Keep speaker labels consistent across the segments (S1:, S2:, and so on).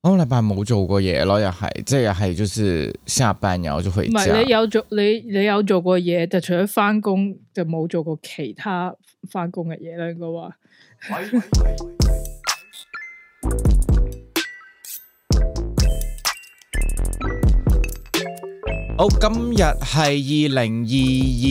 S1: 我哋個禮拜冇做過嘢，囉，又係，即係又係，就是下班然後就回家。唔係，你
S2: 有做，你你有做過嘢，就除咗翻工，就冇做過其他翻工嘅嘢啦。應該話。
S1: 好，今日係二零二二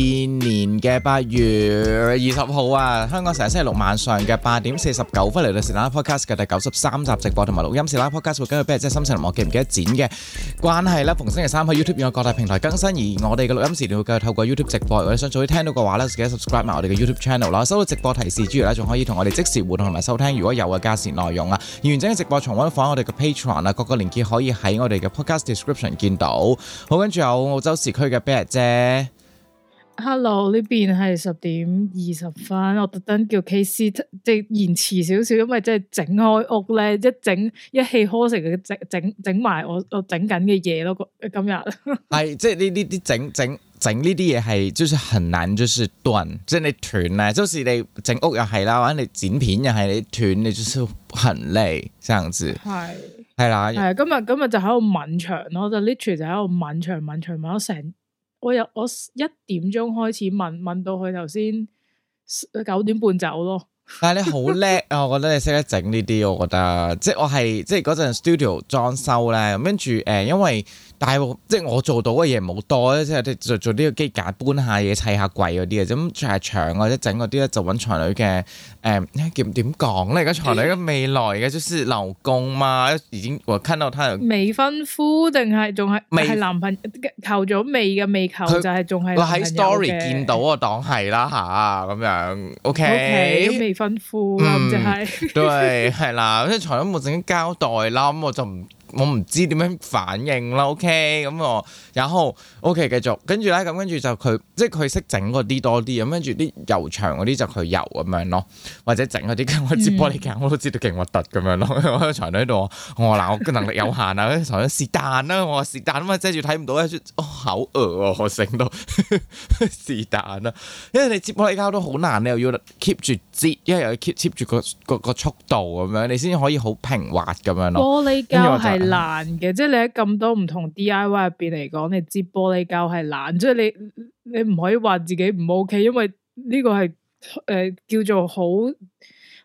S1: 年嘅八月二十號啊，香港成日星期六晚上嘅八點四十九分嚟到 Whateverrr podcast 嘅第九十三集直播同埋錄音。Whateverrr podcast 會根據即係心情，我記唔記得剪嘅關係呢？逢星期三喺 YouTube 與各大平台更新，而我哋嘅錄音時段會繼續透過 YouTube 直播。如果你想早啲聽到嘅話呢，記得 subscribe 埋我哋嘅 YouTube channel 啦，收到直播提示，之餘呢，仲可以同我哋即時互動同埋收聽。如果有嘅加時內容啊，完整嘅直播重温返我哋嘅 Patreon 啊，各個連結可以喺我哋嘅 podcast description 見到。好，跟住有。澳洲市區嘅邊日啫
S2: ，Hello 呢邊係十點二十分，我特登叫 KC 即係延遲少少，因為即係整開屋咧，一整一氣呵成嘅整整整埋我我整緊嘅嘢咯，今日
S1: 係即係呢呢啲整整整呢啲嘢係，就算很難，就是斷，即係你斷咧，就是你整屋又係啦，或者你剪片又係你斷，你就算很累，這樣子係。係啦，係
S2: 啊！今日今日就喺度問場咯，就 literally 就喺度問場問場問咗成，我有我一點鐘開始問，問到佢頭先九點半走咯。
S1: 但係你好叻啊！我覺得你識得整呢啲，我覺得即係我係即係嗰陣 studio 裝修咧，跟住誒，因為但係即係我做到嘅嘢冇多咧，即係做做呢個機架搬下嘢砌下櫃嗰啲啊。咁就下牆或者整嗰啲咧就揾才女嘅誒，點點講咧？而家才女嘅未來嘅就是老公嘛，已經我看到
S2: 未婚夫定係仲係係男朋求咗未嘅未求就係仲係我喺 story 見
S1: 到啊，當係啦吓咁樣，ok。Okay,
S2: 吩咐咁就係，對，
S1: 係啦，即係財爺冇正經交代，啦，咁我就唔。我唔知點樣反應啦，OK，咁我，然、哎、後、哦、OK 繼續，跟住咧咁，跟住就佢，即係佢識整嗰啲多啲啊，跟住啲油牆嗰啲就佢油咁樣咯，或者整嗰啲，我接玻璃膠我都知到勁核突咁樣咯，喺長台度，我嗱我能力有限啊，我話是但啦，我話是但啊嘛，遮住睇唔到啊，口額、哦、我醒到是但啊，因為你接玻璃膠都好難，你又要 keep 住接，因為又要 keep 住、嗰個嗰個速度咁樣，你先可以好平滑咁樣咯。玻璃膠難
S2: 嘅，即係你喺咁多唔同 DIY 入邊嚟講，你接玻璃膠係難，即係你你唔可以話自己唔 OK，因為呢個係誒叫做好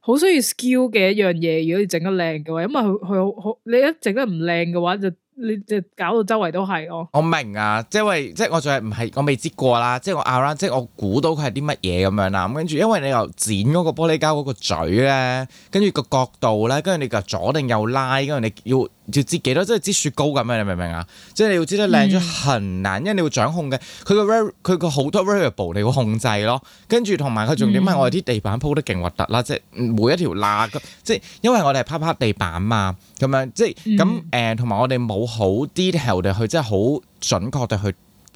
S2: 好需要 skill 嘅一樣嘢。如果你整得靚嘅話，因為佢佢好你一整得唔靚嘅話，就你就搞到周圍都係囉。
S1: 我明啊，即係為即係我仲係唔係我未接過啦，即係我 out 啦，即係我估到佢係啲乜嘢咁樣啦。咁跟住，因為你又剪嗰個玻璃膠嗰個嘴咧，跟住個角度咧，跟住你就左定右拉，跟住你要。要知幾多，即係知雪糕咁樣，你明唔明啊？即係你要知得靚咗，很難，嗯、因為你要掌控嘅，佢個 var，佢個好多 variable 你要控制咯。跟住同埋佢重點係我哋啲地板鋪得勁核突啦，即係每一條罅，即係因為我哋係啪啪地板嘛，咁樣即係咁誒，同埋我哋冇好 detail 地去，即係好、嗯呃、準確地去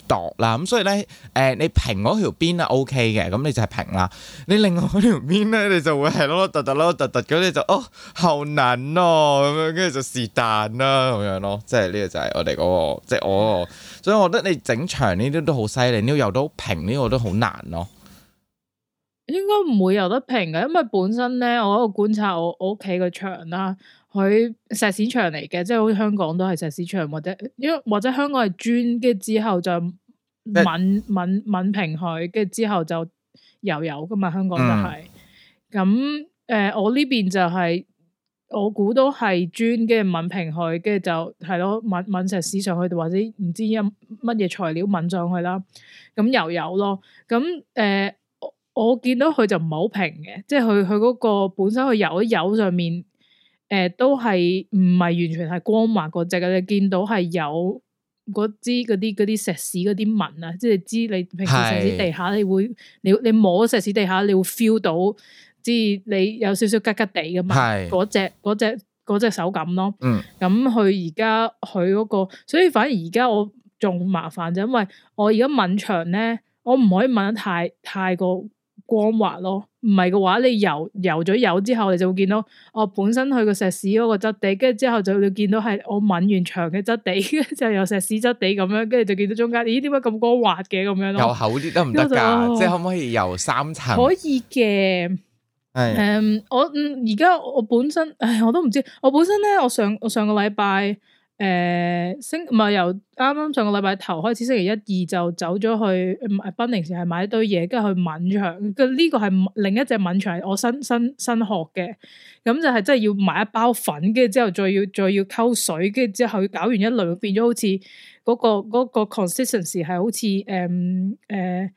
S1: 度啦，咁、嗯、所以咧，誒、呃、你平嗰條邊啊 OK 嘅，咁你就係平啦。你另外嗰條邊咧，你就會係咯凸凸咯凸凸。咁，你就哦好難咯、哦、咁樣，跟住就，就是但啦咁樣咯。即係呢個就係我哋嗰、那個，即係我、那個，所以我覺得你整牆呢啲都好犀利，呢又到平呢，我、這個、都好難咯、哦。
S2: 應該唔會有得平嘅，因為本身咧，我喺度觀察我我屋企嘅牆啦。佢石屎牆嚟嘅，即係好似香港都係石屎牆，或者因為或者香港係磚，跟住之後就抿抿抿平佢，跟住、欸、之後就油油噶嘛，香港就係、是、咁。誒、嗯呃，我呢邊就係、是、我估都係磚，跟住抿平佢，跟住就係咯抿抿石屎上去，或者唔知一乜嘢材料抿上去啦，咁油油咯。咁誒，我、呃、我見到佢就唔係好平嘅，即係佢佢嗰個本身佢油喺油上面。誒、呃、都係唔係完全係光滑嗰隻嘅。 你見到係有嗰啲嗰啲石屎嗰啲紋啊，是即係知你平時石屎地下，你會你你摸石屎地下，你會 feel 到，即係你有少少吉吉地嘅紋，嗰隻嗰隻隻手感咯。咁佢而家佢嗰個，所以反而而家我仲麻煩就因為我而家問牆咧，我唔可以問得太太過。光滑咯，唔係嘅話你油油咗油之後，你就會見到我本身佢個石屎嗰個質地，跟住之後就會見到係我抹完牆嘅質地，跟就由石屎質地咁樣，跟住就見到中間，咦，點解咁光滑
S1: 嘅？咁樣咯。油厚啲得唔得噶？哦、即係可唔可以油三層？可
S2: 以嘅。係是的、um。
S1: 誒、
S2: 嗯，我嗯而家我本身，唉，我都唔知。我本身咧，我上我上個禮拜。誒星唔係由啱啱上個禮拜頭開始，星期一、二就走咗去，唔係 Bunnings 時係買一堆嘢，跟住去抿牆。跟、這、呢個係另一隻抿牆，係我新新新學嘅。咁就係真係要買一包粉，跟住之後再要再要溝水，跟住之後要搞完一輪，變咗好似嗰、那個嗰、那個 consistency 係好似誒誒。呃呃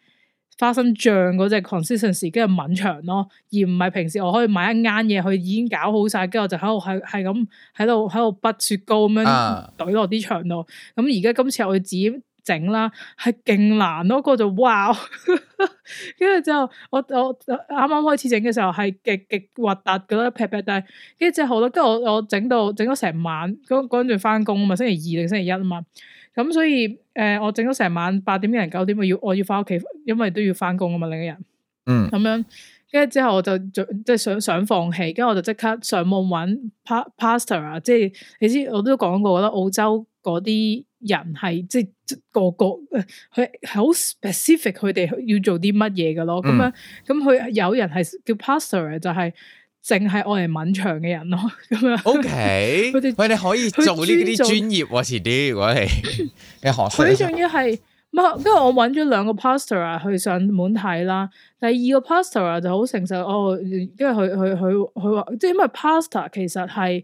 S2: 花生醬嗰隻 consistency，跟住揾牆咯，而唔係平時我可以買一間嘢佢已經搞好晒。跟住我就喺度係係咁喺度喺度剝雪糕咁樣懟落啲牆度。咁而家今次我哋自己整啦，係勁難咯，嗰、嗰個就哇。跟住之後我我啱啱開始整嘅時候係極極核突噶啦，劈劈低，跟住就好咯。跟住我我整到整咗成晚，嗰陣就翻工啊嘛，星期二定星期一啊嘛。咁所以，誒、呃，我整咗成晚八點一人九點，我要我要翻屋企，因為都要翻工啊嘛，另一人。嗯。咁樣，跟住之後我就即係想想放棄，跟住我就即刻上網揾 pastor 啊，即係你知我都講過啦，澳洲嗰啲人係即係個個佢好 specific，佢哋要做啲乜嘢嘅咯，咁、嗯、樣，咁佢有人係叫 pastor 就係、是。淨係愛嚟抿牆嘅人咯，
S1: 咁樣。O K，佢哋喂，你可以做呢啲啲專業喎、啊，遲啲如果係你學識。佢仲
S2: 要係，咁跟住我揾咗兩個 pastor 去上門睇啦。第二個 pastor 就好誠實，哦，因為佢佢佢佢話，即係因為 pastor 其實係。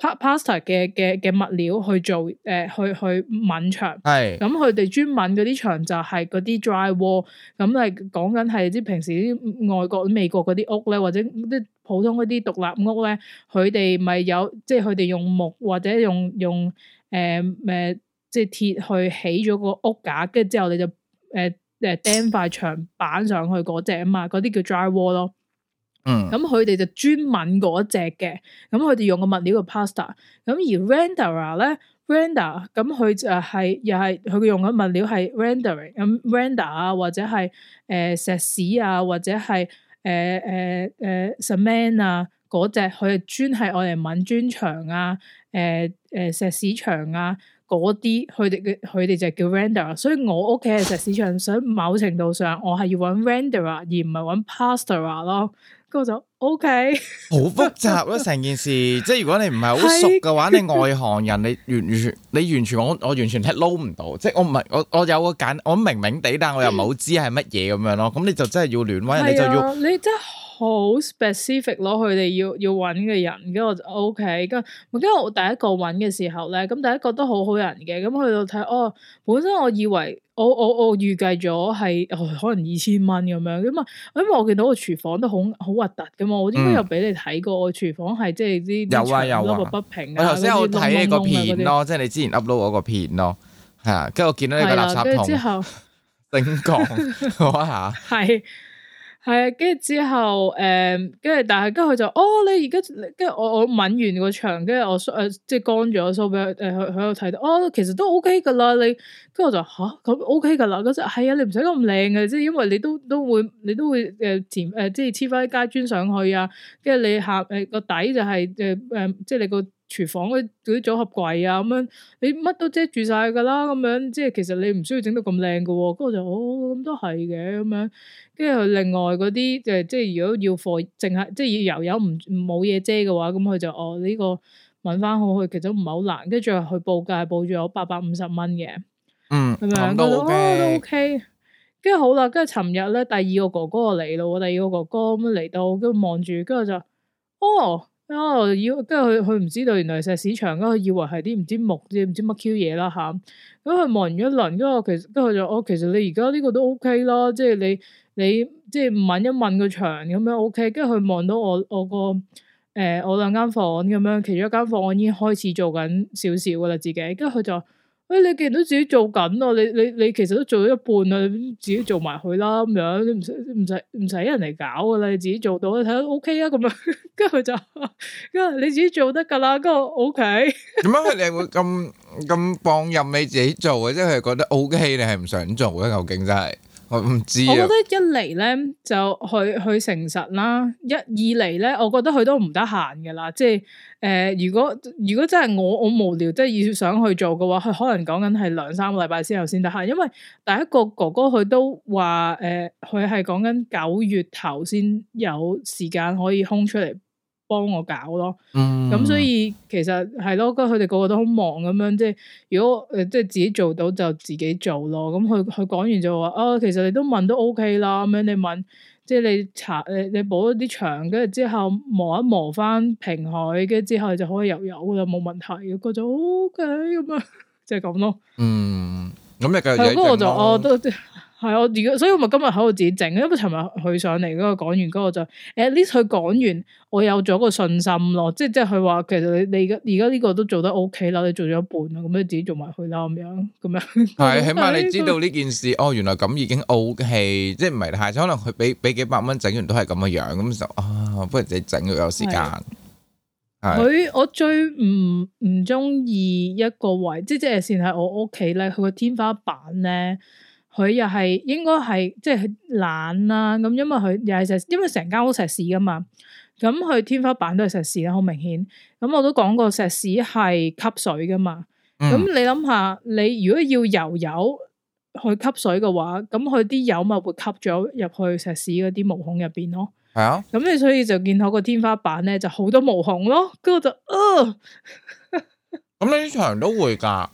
S2: pa plaster 嘅嘅嘅物料去做，誒、呃、去去揾牆，咁佢哋專揾嗰啲牆就係嗰啲 dry wall。咁嚟講緊係啲平時啲外國美國嗰啲屋咧，或者啲普通嗰啲獨立屋咧，佢哋咪有即係佢哋用木或者用用誒誒、呃呃，即係鐵去起咗個屋架，跟住之後你就誒誒、呃呃、釘塊牆板上去嗰隻啊嘛，嗰啲叫 dry wall 咯。咁佢哋就專吻嗰隻嘅，咁佢哋用個物料係 pasta，咁而 render 咧、er、，render，咁、er，佢就係又係佢用嘅物料係 rendering，咁 render 啊或者係誒、呃、石屎啊或者係誒誒誒石 n 啊嗰隻，佢係專係我哋吻磚牆啊，誒誒、啊呃呃、石屎牆啊嗰啲，佢哋佢哋就叫 render，、er，所以我屋企嘅石屎牆，所以某程度上我係要揾 render、er，而唔係揾 pasta 咯。過咗，OK。
S1: 好複雜咯，成件事，即係如果你唔係好熟嘅話，你外行人，你完全，你完全我我完全 follow 唔到，即係我唔係我我有個揀，我明明地，但係我又唔係好知係乜嘢咁樣咯，咁你就真係要亂搵，你就
S2: 要。好 specific 咯佢哋要要揾嘅人，跟住我就 OK，跟住我第一個揾嘅時候咧，咁第一個都好好人嘅，咁去到睇哦，本身我以為我我我預計咗係可能二千蚊咁樣，咁啊，因為我見到個廚房都好好核突嘅嘛，我應該有俾你睇過個廚房係即係啲有啊有啊，我頭先有睇一個片咯，即
S1: 係你之前 upload 嗰個片咯，係，跟住我見到一個垃圾桶，之後點講啊嚇？
S2: 係。係啊，跟住之後，誒、嗯，跟住但係跟住佢就，哦，你而家跟住我我抿完個牆，跟住我梳、呃、即係乾咗梳俾佢，誒佢喺度睇到，哦，其實都 OK 㗎啦，你跟住我就吓咁 OK 㗎啦，嗰陣係啊，哎、你唔使咁靚嘅，即係因為你都都會你都會誒填誒即係黐翻啲階磚上去啊，跟住你下誒個、呃、底就係誒誒即係你個。廚房嗰啲組合櫃啊，咁樣你乜都遮住晒噶啦，咁樣即係其實你唔需要整到咁靚嘅喎。咁我就哦，咁都係嘅，咁樣跟住佢另外嗰啲誒，即係如果要貨淨係即係要油油唔冇嘢遮嘅話，咁佢就哦呢、這個揾翻好，去，其實唔係好難。跟住佢報價報咗八百五十蚊
S3: 嘅，嗯，咁樣都 OK。
S2: 跟住、哦、好啦，跟住尋日咧第二個哥哥嚟到，第二個哥哥咁嚟到，跟住望住，跟住就哦。啊！要跟住佢佢唔知道，原來石屎牆，佢以為係啲唔知木唔知乜 Q 嘢啦嚇。咁佢望完一輪，咁我其實，跟住佢就哦，其實你而家呢個都 OK 啦，即係你你即係問一問個牆咁樣 OK。跟住佢望到我我個誒、呃、我兩間房咁樣，其中一間房我已經開始做緊少少噶啦自己。跟住佢就。喂、哎，你見到自己做緊咯，你你你其實都做咗一半啦，你自己做埋佢啦咁樣，你唔使唔使唔使人嚟搞噶啦，你自己做到，你睇下 OK 啊咁樣，跟住就，跟住你自己做得噶啦，跟住 OK。點
S1: 解佢哋會咁咁 放任你自己做嘅？即係覺得 OK，你係唔想做嘅？究竟真係？我唔知、啊我。我覺
S2: 得一嚟咧就去去誠實啦，一二嚟咧，我覺得佢都唔得閒噶啦。即係誒、呃，如果如果真係我我無聊，即係要想去做嘅話，佢可能講緊係兩三個禮拜之後先得閒。因為第一個哥哥佢都話誒，佢係講緊九月頭先有時間可以空出嚟。幫我搞咯，咁、嗯嗯、所以其實係咯，佢哋個個都好忙咁樣，即係如果誒即係自己做到就自己做咯。咁佢佢講完就話啊，其實你都問都 O K 啦，咁樣你問即係你查你你補咗啲牆，跟住之後磨一磨翻平海，跟住之後就可以油油啦，冇問題嘅，個就 O K 咁啊，就係咁咯。嗯，
S3: 咁又跟住，咁我就
S2: 我都即係我自己，所以我咪今日喺度自己整。因為尋日佢上嚟嗰個講完，嗰個就誒，至少佢講完，我有咗個信心咯。即係即係佢話，其實你而家而家呢個都做得 O K 啦，你做咗一半啦，咁你自己做埋佢啦咁樣，咁樣。係是， 起碼你知道
S1: 呢件事。哦，原來咁已經 OK，即係唔係太可能。佢俾俾幾百蚊整完都係咁嘅樣，咁就啊，不如自己整，又有時間。佢是是
S2: 我最唔唔中意一個位，即係即係，先喺我屋企咧，佢個天花板咧。佢又係應該係即係懶啦，咁因為佢又係石，因為成間屋石屎噶嘛，咁佢天花板都係石屎啦，好明顯。咁我都講過石屎係吸水噶嘛，咁、嗯、你諗下，你如果要由油去吸水嘅話，咁佢啲油咪會吸咗入去石屎嗰啲毛孔入邊咯。係啊，咁你所以就見到個天花板咧就好多毛孔咯，跟住就
S1: 咁、呃、呢 場都會噶。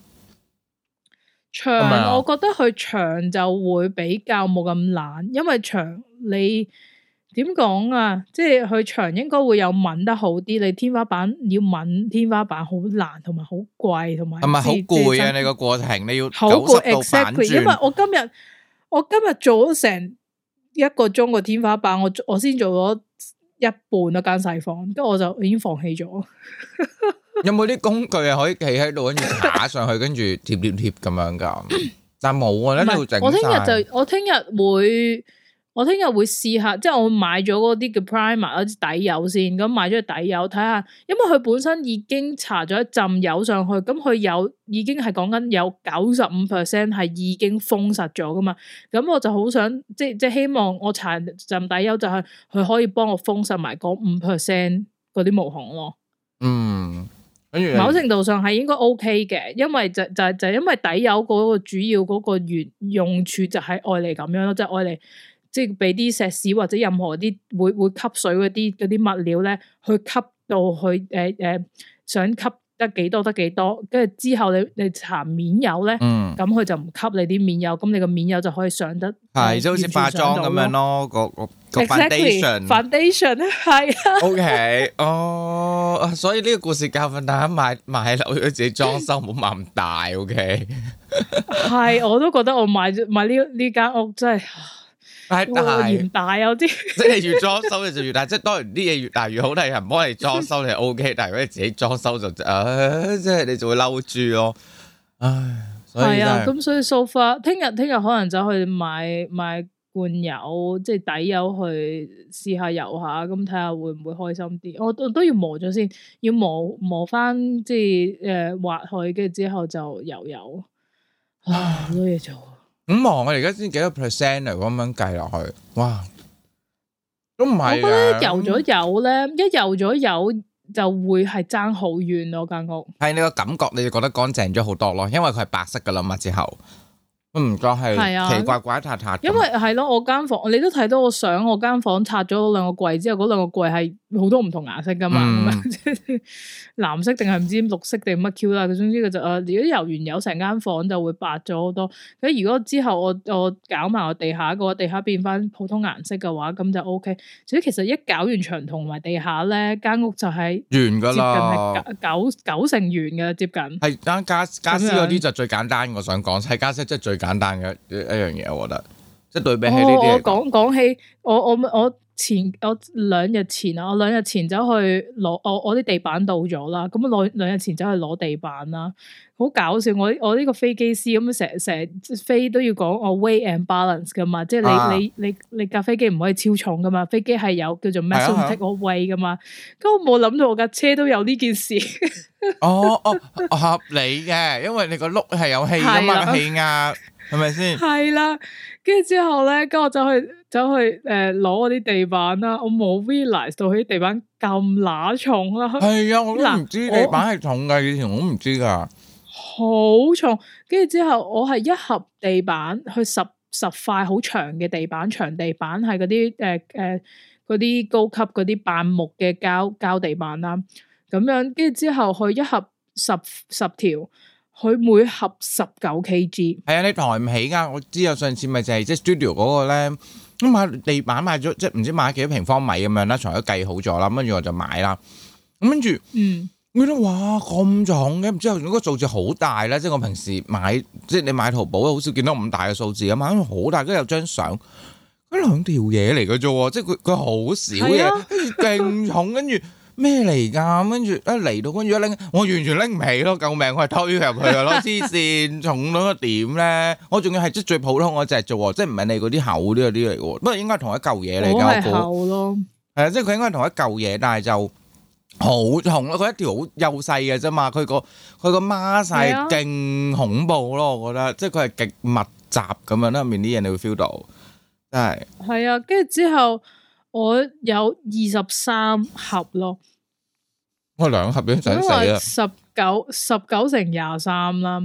S2: 牆場、啊、我覺得去牆就會比較冇咁難，因為牆，你點講啊？即係去牆應該會有抿得好啲，你天花板要抿天花板好難，同埋好貴，同埋係咪好攰啊？
S1: 你個過程累你要好過 exactly，轉因為我
S2: 今日我今日做咗成一個鐘嘅天花板，我我先做咗一半一間細房，跟住我就已經放棄咗。
S1: 有冇啲工具啊？可以企喺度跟住打上去，跟住貼貼貼咁樣噶？但冇啊，喺度整。我聽日就
S2: 我聽日會，我聽日會試下，即係我買咗嗰啲叫 primer 嗰啲底油先。咁買咗個底油，睇下，因為佢本身已經搽咗一浸油上去，咁佢有已經係講緊有九十五 percent 係已經封實咗噶嘛。咁我就好想即係即係希望我搽浸底油就係佢可以幫我封實埋嗰五 percent 嗰啲毛孔咯。嗯。嗯嗯、某程度上係應該 OK 嘅，因為就就就因為底油嗰個主要嗰個原用處就係愛嚟咁樣咯，即係愛嚟即係俾啲石屎或者任何啲會會吸水嗰啲啲物料咧，去吸到去誒誒、呃呃、想吸。得幾多得幾多，跟住之後你你搽面油咧，嗯，咁佢就唔吸你啲面油，咁你個面油就可以上得，係即係好似化妝咁樣
S1: 咯，個個個 foundation，foundation 係，OK，哦，所以呢個故事教訓大家買買樓要自己裝修唔好買咁大，OK，
S2: 係，我都覺得我買買呢呢間屋真係。係大，越大有啲，
S1: 即係越裝修你就越大，即係當然啲嘢越大越好。但係唔好係裝修你係 OK，但係如果你自己裝修就誒，即係你就會嬲住咯。唉，係啊，咁
S2: 所以 so far，聽日聽日可能就去買買罐油，即係底油去試下油下，咁睇下會唔會開心啲。我我都要磨咗先，要磨磨翻，即係誒劃開，跟住之後就油油。啊，好多嘢做。
S1: 五忙、嗯哦，我而家先幾多 percent 嚟咁樣計落去，哇，都唔係。我覺得油咗
S2: 油咧，一油咗油，嗯、油油就會係爭好遠咯間屋。
S1: 係你、這個感覺，你就覺得乾淨咗好多咯，因為佢係白色噶啦嘛之後，唔再係奇奇怪怪擦擦、啊。因為
S2: 係咯這樣、啊，我間房你都睇到我相，我間房間拆咗兩個櫃之後，嗰兩個櫃係。好多唔同顏色㗎嘛，藍色定係唔知綠色定乜 Q 啦。佢總之佢就啊，如果遊完有成間房就會白咗好多。咁如果之後我我搞埋我地下嘅話，地下變返普通顏色嘅話，咁就 OK。所以其實一搞完牆同埋地下咧，間屋就係完㗎啦，接近九九成完嘅
S1: 接近。係間傢傢俬嗰啲就最簡單，我想講係傢俬，即係最簡單嘅一樣嘢，我覺得。即係對比起呢啲，我我
S2: 講講起我我我。前我兩日前啊，我兩日前，前走去攞我我啲地板到咗啦，咁兩兩日前走去攞地板啦，好搞笑！我我呢個飛機師咁成成飛都要講我 weight and balance 噶嘛，即係你、啊、你你你架飛機唔可以超重噶嘛，飛機係有叫做 massive take off weight 噶嘛，咁、啊啊、我冇諗到我架車都有呢件事。
S1: 哦 哦，哦，合理嘅，因為你個轆係有氣啊嘛，氣壓的。 係咪先？
S2: 係啦，跟住之後咧，跟我走去走去誒，攞我啲地板啦。我冇 realise 到佢啲地板咁乸重啦。係啊，我都唔知地板係
S1: 重噶，以前我唔知噶。
S2: 好重，跟住之後我係一盒地板，去十十塊好長嘅地板，長地板係嗰啲誒誒嗰啲高級嗰啲扮木嘅膠膠地板啦。咁樣跟住之後去一盒十十條。佢每盒十九 kg。
S1: 係啊，你抬唔起噶。我知啊，上次咪就係即係 studio 嗰個咧，咁買地板買咗，即係唔知買幾多平方米咁樣啦，全部計好咗啦，跟住我就買啦。咁跟住，嗯，我諗哇咁重嘅，唔知個數字好大咧。即係我平時買，即係你買淘寶好少見到咁大嘅數字啊嘛，因為好大，跟住有張相，嗰兩條嘢嚟嘅啫喎，即係佢佢好少嘢，跟住勁重，跟住。 咩嚟噶？跟住一嚟到，跟住一拎，我完全拎唔起咯！救命！我係推入去又攞黐線，重到個點咧？我仲要係即係最普通嗰隻啫喎，即係唔係你嗰啲厚啲嗰啲嚟嘅，不過應該係同一嚿嘢嚟嘅。好厚
S3: 咯，
S1: 係啊，即係佢應該係同一嚿嘢，但係就好重咯。佢一條好幼細嘅啫嘛，佢個佢個孖細勁恐怖咯，我覺得，即係佢係極密集咁樣啦，面啲嘢你會 feel 到，係
S2: 係啊，跟住之後。我有二十三盒咯，我兩
S1: 盒已經使死，因為
S2: 十九十九，乘廿三啦，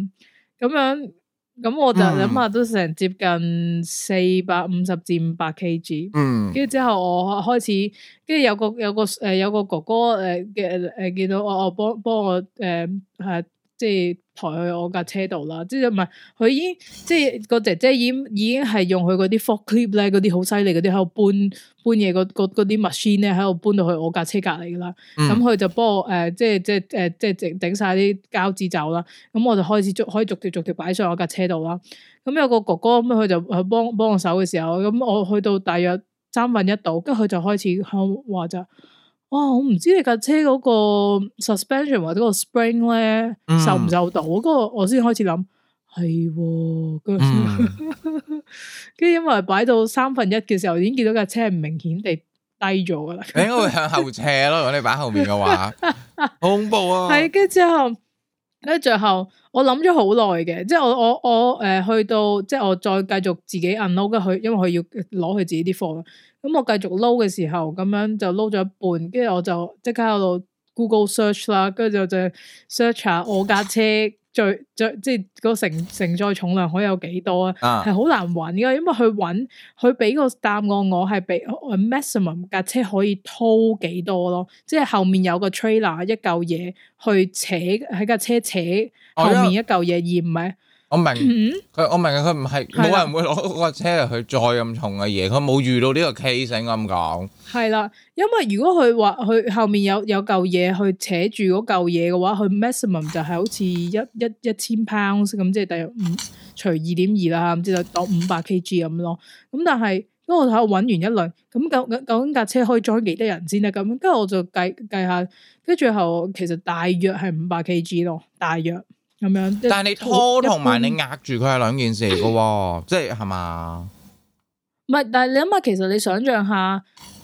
S2: 咁樣咁我就諗下都成接近四百五十至五百 kg。嗯，跟住之後我開始，跟住有個有個誒有個哥哥誒嘅誒見到我，我幫幫我誒，係。呃即係抬去我架車度啦，即係唔係佢已經即係個姐姐已已經係用佢嗰啲 fork clip 咧，嗰啲好犀利嗰啲喺度搬搬嘢，嗰啲 machine 咧喺度搬到去我架車隔籬噶啦。咁佢就幫我誒，即係即係誒，即係整整晒啲膠紙走啦。咁我就開始逐可以逐條逐條擺上我架車度啦。咁有個哥哥咁，佢就幫幫我手嘅時候，咁我去到大約三分一度，跟住佢就開始喺度話就。哇！我唔知你架車嗰、嗰個 suspension 或者嗰個 spring 咧受唔受到？嗰、嗯、個我先開始諗係，跟住、啊那個嗯、 因為擺到三分一嘅時候，已經見到架車唔明顯地低咗噶啦。你應該會
S1: 向後斜咯， 如果你擺後面嘅話，
S2: 好恐怖啊！係跟之後，咧最後我諗咗好耐嘅，即係我我我誒、呃、去到即係我再繼續自己 unlock 佢，因為佢要攞佢自己啲貨。咁、嗯、我繼續撈嘅時候，咁樣就撈咗一半，跟住我就即刻喺度 Google search 啦，跟住我就 search 下我架車最最即係個承承載重量可以有幾多啊？係好難揾嘅，因為佢揾佢俾個答案，我係俾 maximum 架車可以拖幾多咯，即係後面有個 trailer 一嚿嘢去扯喺架車扯後面一嚿嘢，而唔係。
S1: 我明佢、嗯，我明佢唔係冇人會攞嗰個車去載咁重嘅嘢。佢冇遇到呢個 case 先咁講。
S2: 係啦，因為如果佢話佢後面有有嚿嘢去扯住嗰嚿嘢嘅話，佢 maximum 就係好似一一一千 pounds 咁，即係大約除二點二啦，咁、嗯、即就到五百 kg 咁、嗯、咯。咁但係因為我睇下搵完一輪，咁、嗯、究、究竟架車可以載幾多人先咧？咁跟住我就計計下，跟住後其實大約係五百 kg 咯，大約。咁樣，但係你拖同埋你壓
S1: 住佢係兩件事嚟噶，即係係嘛？
S2: 唔係，但係你諗下，其實你想象下，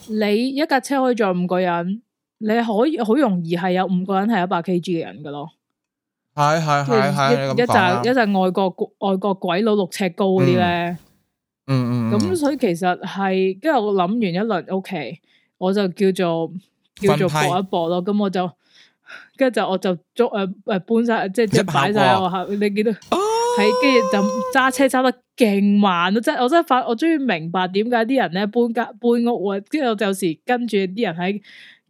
S2: 你一架車可以載五個人，你可以好容易係有五個人係一百 kg 嘅人噶咯。
S3: 係係係係，一陣一陣
S2: 外國外國鬼佬六尺高啲咧，嗯
S3: 嗯，咁所
S2: 以其實係，跟住我諗完一輪，OK，我就叫做
S3: 叫做搏一搏
S2: 咯，咁我就。跟住就我就捉誒誒搬晒，即係即係擺晒喺我下，你見到係跟住就揸車揸得勁慢咯，真係我真係發，我終於明白點解啲人咧搬家搬屋啊，跟住我有時跟住啲人喺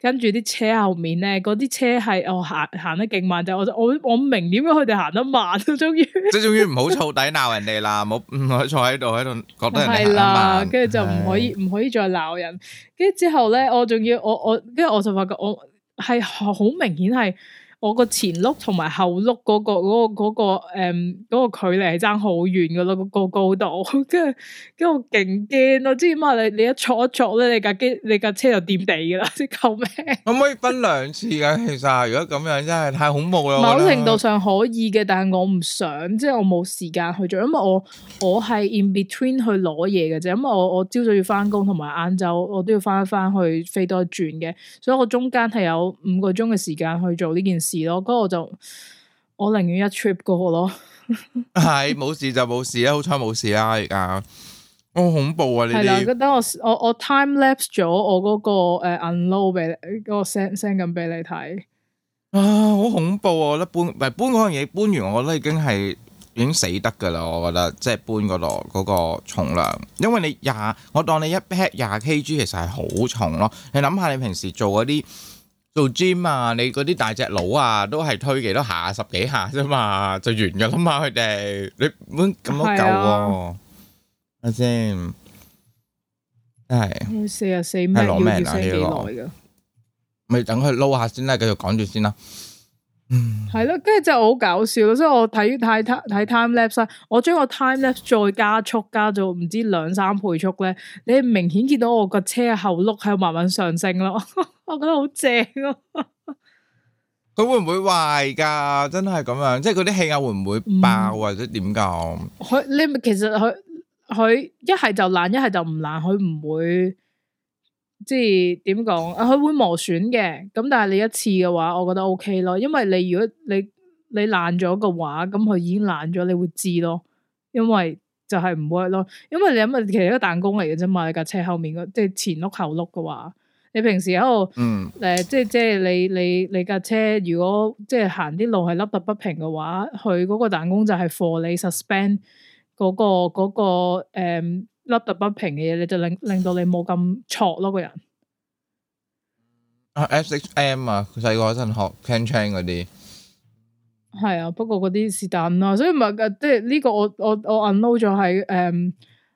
S2: 跟住啲車後面咧，嗰啲車係我行行得勁慢，就我我我明點解佢哋行得慢咯，終於
S1: 即係終於唔好燥底鬧人哋啦，唔可以坐喺度喺度覺得人行得慢，跟住就唔可以
S2: 唔可以再鬧人，跟住之後咧我仲要我我跟住我就發覺我。係好明顯，係。我前、嗰個前碌同埋後碌嗰個嗰、嗰個嗰、嗰個誒嗰、嗯嗰個距離爭好遠噶咯，嗰個嗰個高度，跟住跟住我勁驚，我知點啊！你你一坐一坐咧，你架機你架車就掂地噶啦！即救
S1: 命！可唔可以分兩次嘅？ 其實如果咁樣真係太恐怖啦。某程度上
S2: 可以嘅， 但係我唔想，即係我冇時間去做，因為我我係 in between 去攞嘢嘅啫。咁我我朝早要翻工，同埋晏晝我都要翻一翻去飛多一轉嘅，所以我中間係有五個鐘嘅時間去做呢件事。咯，咁就我寧願一 trip 過咯 。
S1: 係冇事就冇事啦，好彩冇事啦而家。好、哦、恐怖啊！你如果
S2: 等我我我 time lapse 咗我嗰、那個誒 unload 俾，嗰、uh, 那個 send send 緊俾你睇。
S1: 啊、哦，好恐怖啊！我覺得搬唔係搬嗰樣嘢，搬完我覺得已經係已經死得噶啦，我覺得。即、就、係、是、搬嗰度嗰個重量，因為你廿我當你一 pack 廿 kg 其實係好重咯。你諗下你平時做嗰啲。做 gym 啊，你嗰啲大隻佬啊，都係推幾多下，十幾下啫嘛，就完噶啦嘛，佢哋，你點咁多嚿啊？係咪先？真係
S2: 四十四咩？要休息幾耐噶？
S1: 咪等佢撈下先啦，繼續講住先啦。
S2: 嗯，係 咯，跟住就好搞笑，所以我睇睇睇睇 time lapse 啦，我將個 time lapse 再加速，加咗唔知兩三倍速咧，你明顯見到我個車後轆喺度慢慢上升咯， 我覺得好正咯。
S1: 佢會唔會壞噶？真係咁樣，即係嗰啲氣壓會唔會爆、嗯、或者點噶？
S2: 佢 你咪其實佢佢一係就爛，一係就唔爛，佢唔會。即係點講？啊，佢會磨損嘅。咁但係你一次嘅話，我覺得 OK 咯。因為你如果你你爛咗嘅話，咁佢已經爛咗，你會知咯。因為就係唔 work 咯。因為你咁啊，其實一個彈弓嚟嘅啫嘛。你架車後面嗰即係前碌後碌嘅話，你平時喺度，誒、嗯呃，即係即係你你你架車，如果即係行啲路係凹凸不平嘅話，佢嗰個彈弓就係 for 你 suspend 嗰、嗰個嗰、嗰個嗰個嗯凹凸不平嘅嘢，你就令令到你冇咁挫咯，個人。
S1: 啊，F H M 啊，佢細個嗰陣學 c a n chain 嗰啲。
S2: 係啊，不過嗰啲是但啦，所以咪即係呢個我我我 unload 咗喺誒誒、嗯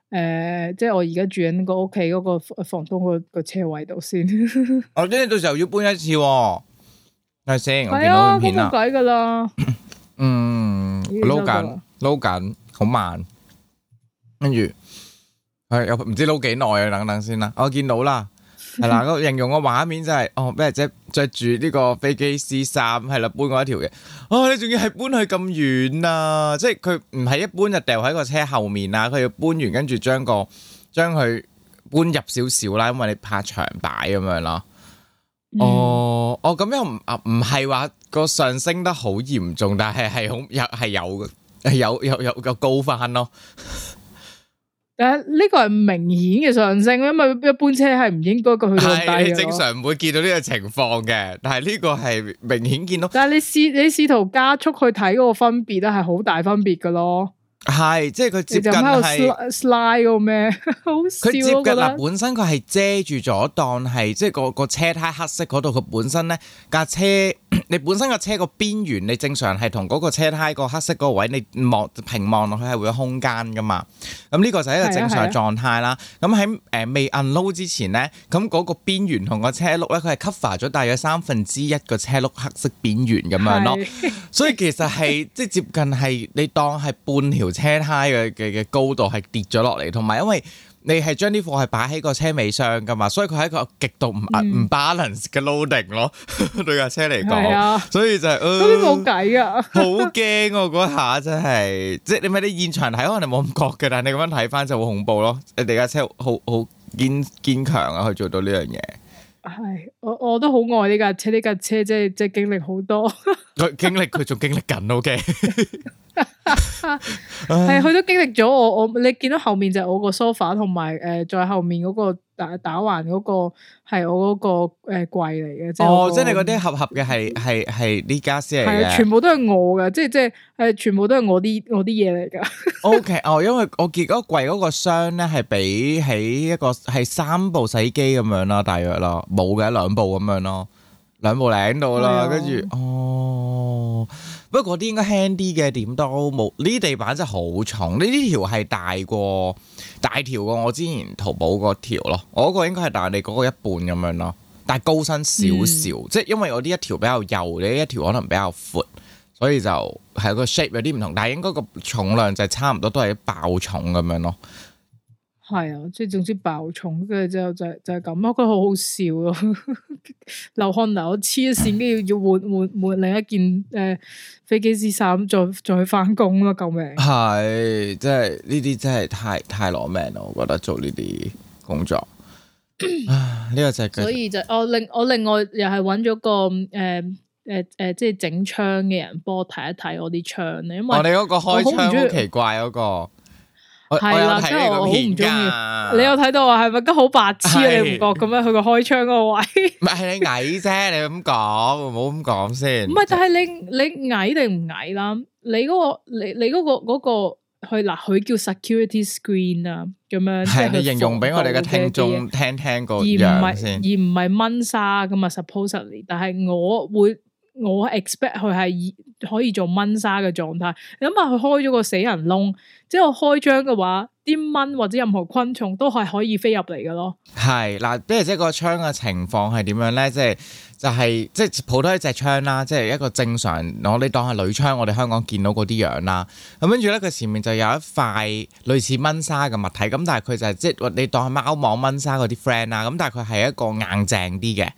S2: 呃，即係我而家住喺呢個屋企嗰個房東個個車位度先。
S1: 哦，即係到時候要搬一次、哦。係先，係啊，好冇鬼噶啦。嗯，load 緊 load 緊，好慢，跟住。係，唔知撈幾耐啊？等等先啦。我見到啦，係啦，個形容個畫面就係，哦，咩啫？着住呢個飛機師衫，係啦，搬過一條嘢。哦，你仲要係搬去咁遠啊？即係佢唔係一搬就掉喺個車後面啊，佢要搬完，跟住將個將佢搬入少少啦，因為你怕牆，擺咁樣咯。哦，哦，咁又唔啊？唔係話個上升得好嚴重，但係係恐有係有嘅，係有有有有高翻咯。
S2: 呢個係明顯嘅上升，因為一般車係唔應該過去咁低嘅。係正常
S1: 唔會見到呢個情況嘅，但係呢個係明顯見
S2: 到。但係你試你試圖加速去睇嗰個分別咧，係好大分別嘅咯。
S1: 係，即係佢接近係
S2: slide 咩？佢 的接近嗱，
S1: 本身佢係遮住咗，當係即係個個車胎黑色嗰度，佢本身咧架車。你本身個車個邊緣，你正常係同嗰個車胎個黑色嗰個位，你望平望落去係會有空間噶嘛。咁、這、呢個就係一個正常狀態啦。咁喺誒未 unload 之前呢，咁嗰個邊緣同個車轆呢，佢係 cover 咗大約三分之一個車轆黑色邊緣咁樣咯。是啊、所以其實係即係接近係你當係半條車胎嘅嘅嘅高度係跌咗落嚟，同埋因為。你係將啲貨係擺喺個車尾箱噶嘛，所以佢係一個極度唔唔 balance 嘅、嗯、loading 咯， 對架車嚟講。啊、所以就係、是，呃、都冇計啊， 啊！好驚啊！嗰下真係，即係你咪你現場睇可能你冇咁覺嘅，但係你咁樣睇翻就好恐怖咯。你架車好好堅堅強啊，去做到呢樣嘢。
S2: 係，我我都好愛呢架車，呢架車即係即係經歷好多。
S1: 佢經歷，佢仲經歷緊，OK。係啊，佢都
S2: 經歷咗我，我你見到後面就係我個 sofa，同埋誒，再、呃、後面、嗰個。打打橫嗰、那個係我嗰、那個誒櫃嚟嘅，呃、哦，即係你啲
S1: 盒盒嘅係係係呢家先嚟嘅，係啊，全
S2: 部都係我嘅，即係即係，係全部都係我啲我啲嘢嚟噶。
S1: o、okay, K，哦，因為我見嗰個櫃嗰個箱咧係比起一個係三部洗衣機咁樣啦，大約啦，冇嘅兩部咁樣咯。兩部領到啦，跟住，啊，哦。不過嗰啲應該輕啲嘅，點都冇呢啲地板真係好重。呢呢條係大過大條過，我之前淘寶嗰條咯，我嗰個應該係大你嗰個一半咁樣咯，但係高身少少，嗯，即係因為我呢一條比較幼，呢一條可能比較闊，所以就係個 shape 有啲唔同，但係應該個重量就差唔多，都係爆重咁樣咯。
S2: 係啊，即係總之爆重，跟住之後就就係、是、咁，我覺得好好笑咯。流汗流到黐線，跟住要換換換另一件誒、呃、飛機師衫，再再返工啦！救命！
S1: 係，即係呢啲真係太太攞命咯！我覺得做呢啲工作，呢、 呢個就係、所以
S2: 就我另我另外又係揾咗個誒誒誒，即係整窗嘅人幫我睇一睇我啲窗，因為我哋嗰個開窗好奇
S1: 怪嗰、那個。係啦，即係我好唔中意。你有
S2: 睇到我係咪都好白痴啊？你唔覺咁樣去個開窗嗰個位？唔係，係你矮
S1: 啫。你咁講，唔好咁講先。唔係，
S2: 就係你你矮定唔矮啦？你嗰個你你嗰個嗰個佢嗱，佢叫 security screen 啊，咁樣係啊，你形容俾我哋嘅聽眾
S1: 聽聽個樣先。
S2: 而唔係蚊紗咁啊，supposedly，但係我會我 expect 佢係可以做蚊紗嘅狀態。你諗下，佢開咗個死人窿。即係我開窗嘅話，啲蚊或者任何昆蟲都係可以飛入嚟嘅咯。
S1: 係嗱，比如即係個窗嘅情況係點樣咧？即係就係即係普通一隻窗啦，即係一個正常，我你當係鋁窗，我哋香港見到嗰啲樣啦。咁跟住咧，佢前面就有一塊類似蚊紗嘅物體，咁但係佢就係即係你當係貓網蚊紗嗰啲 friend 啦。咁但係佢係一個硬淨啲嘅。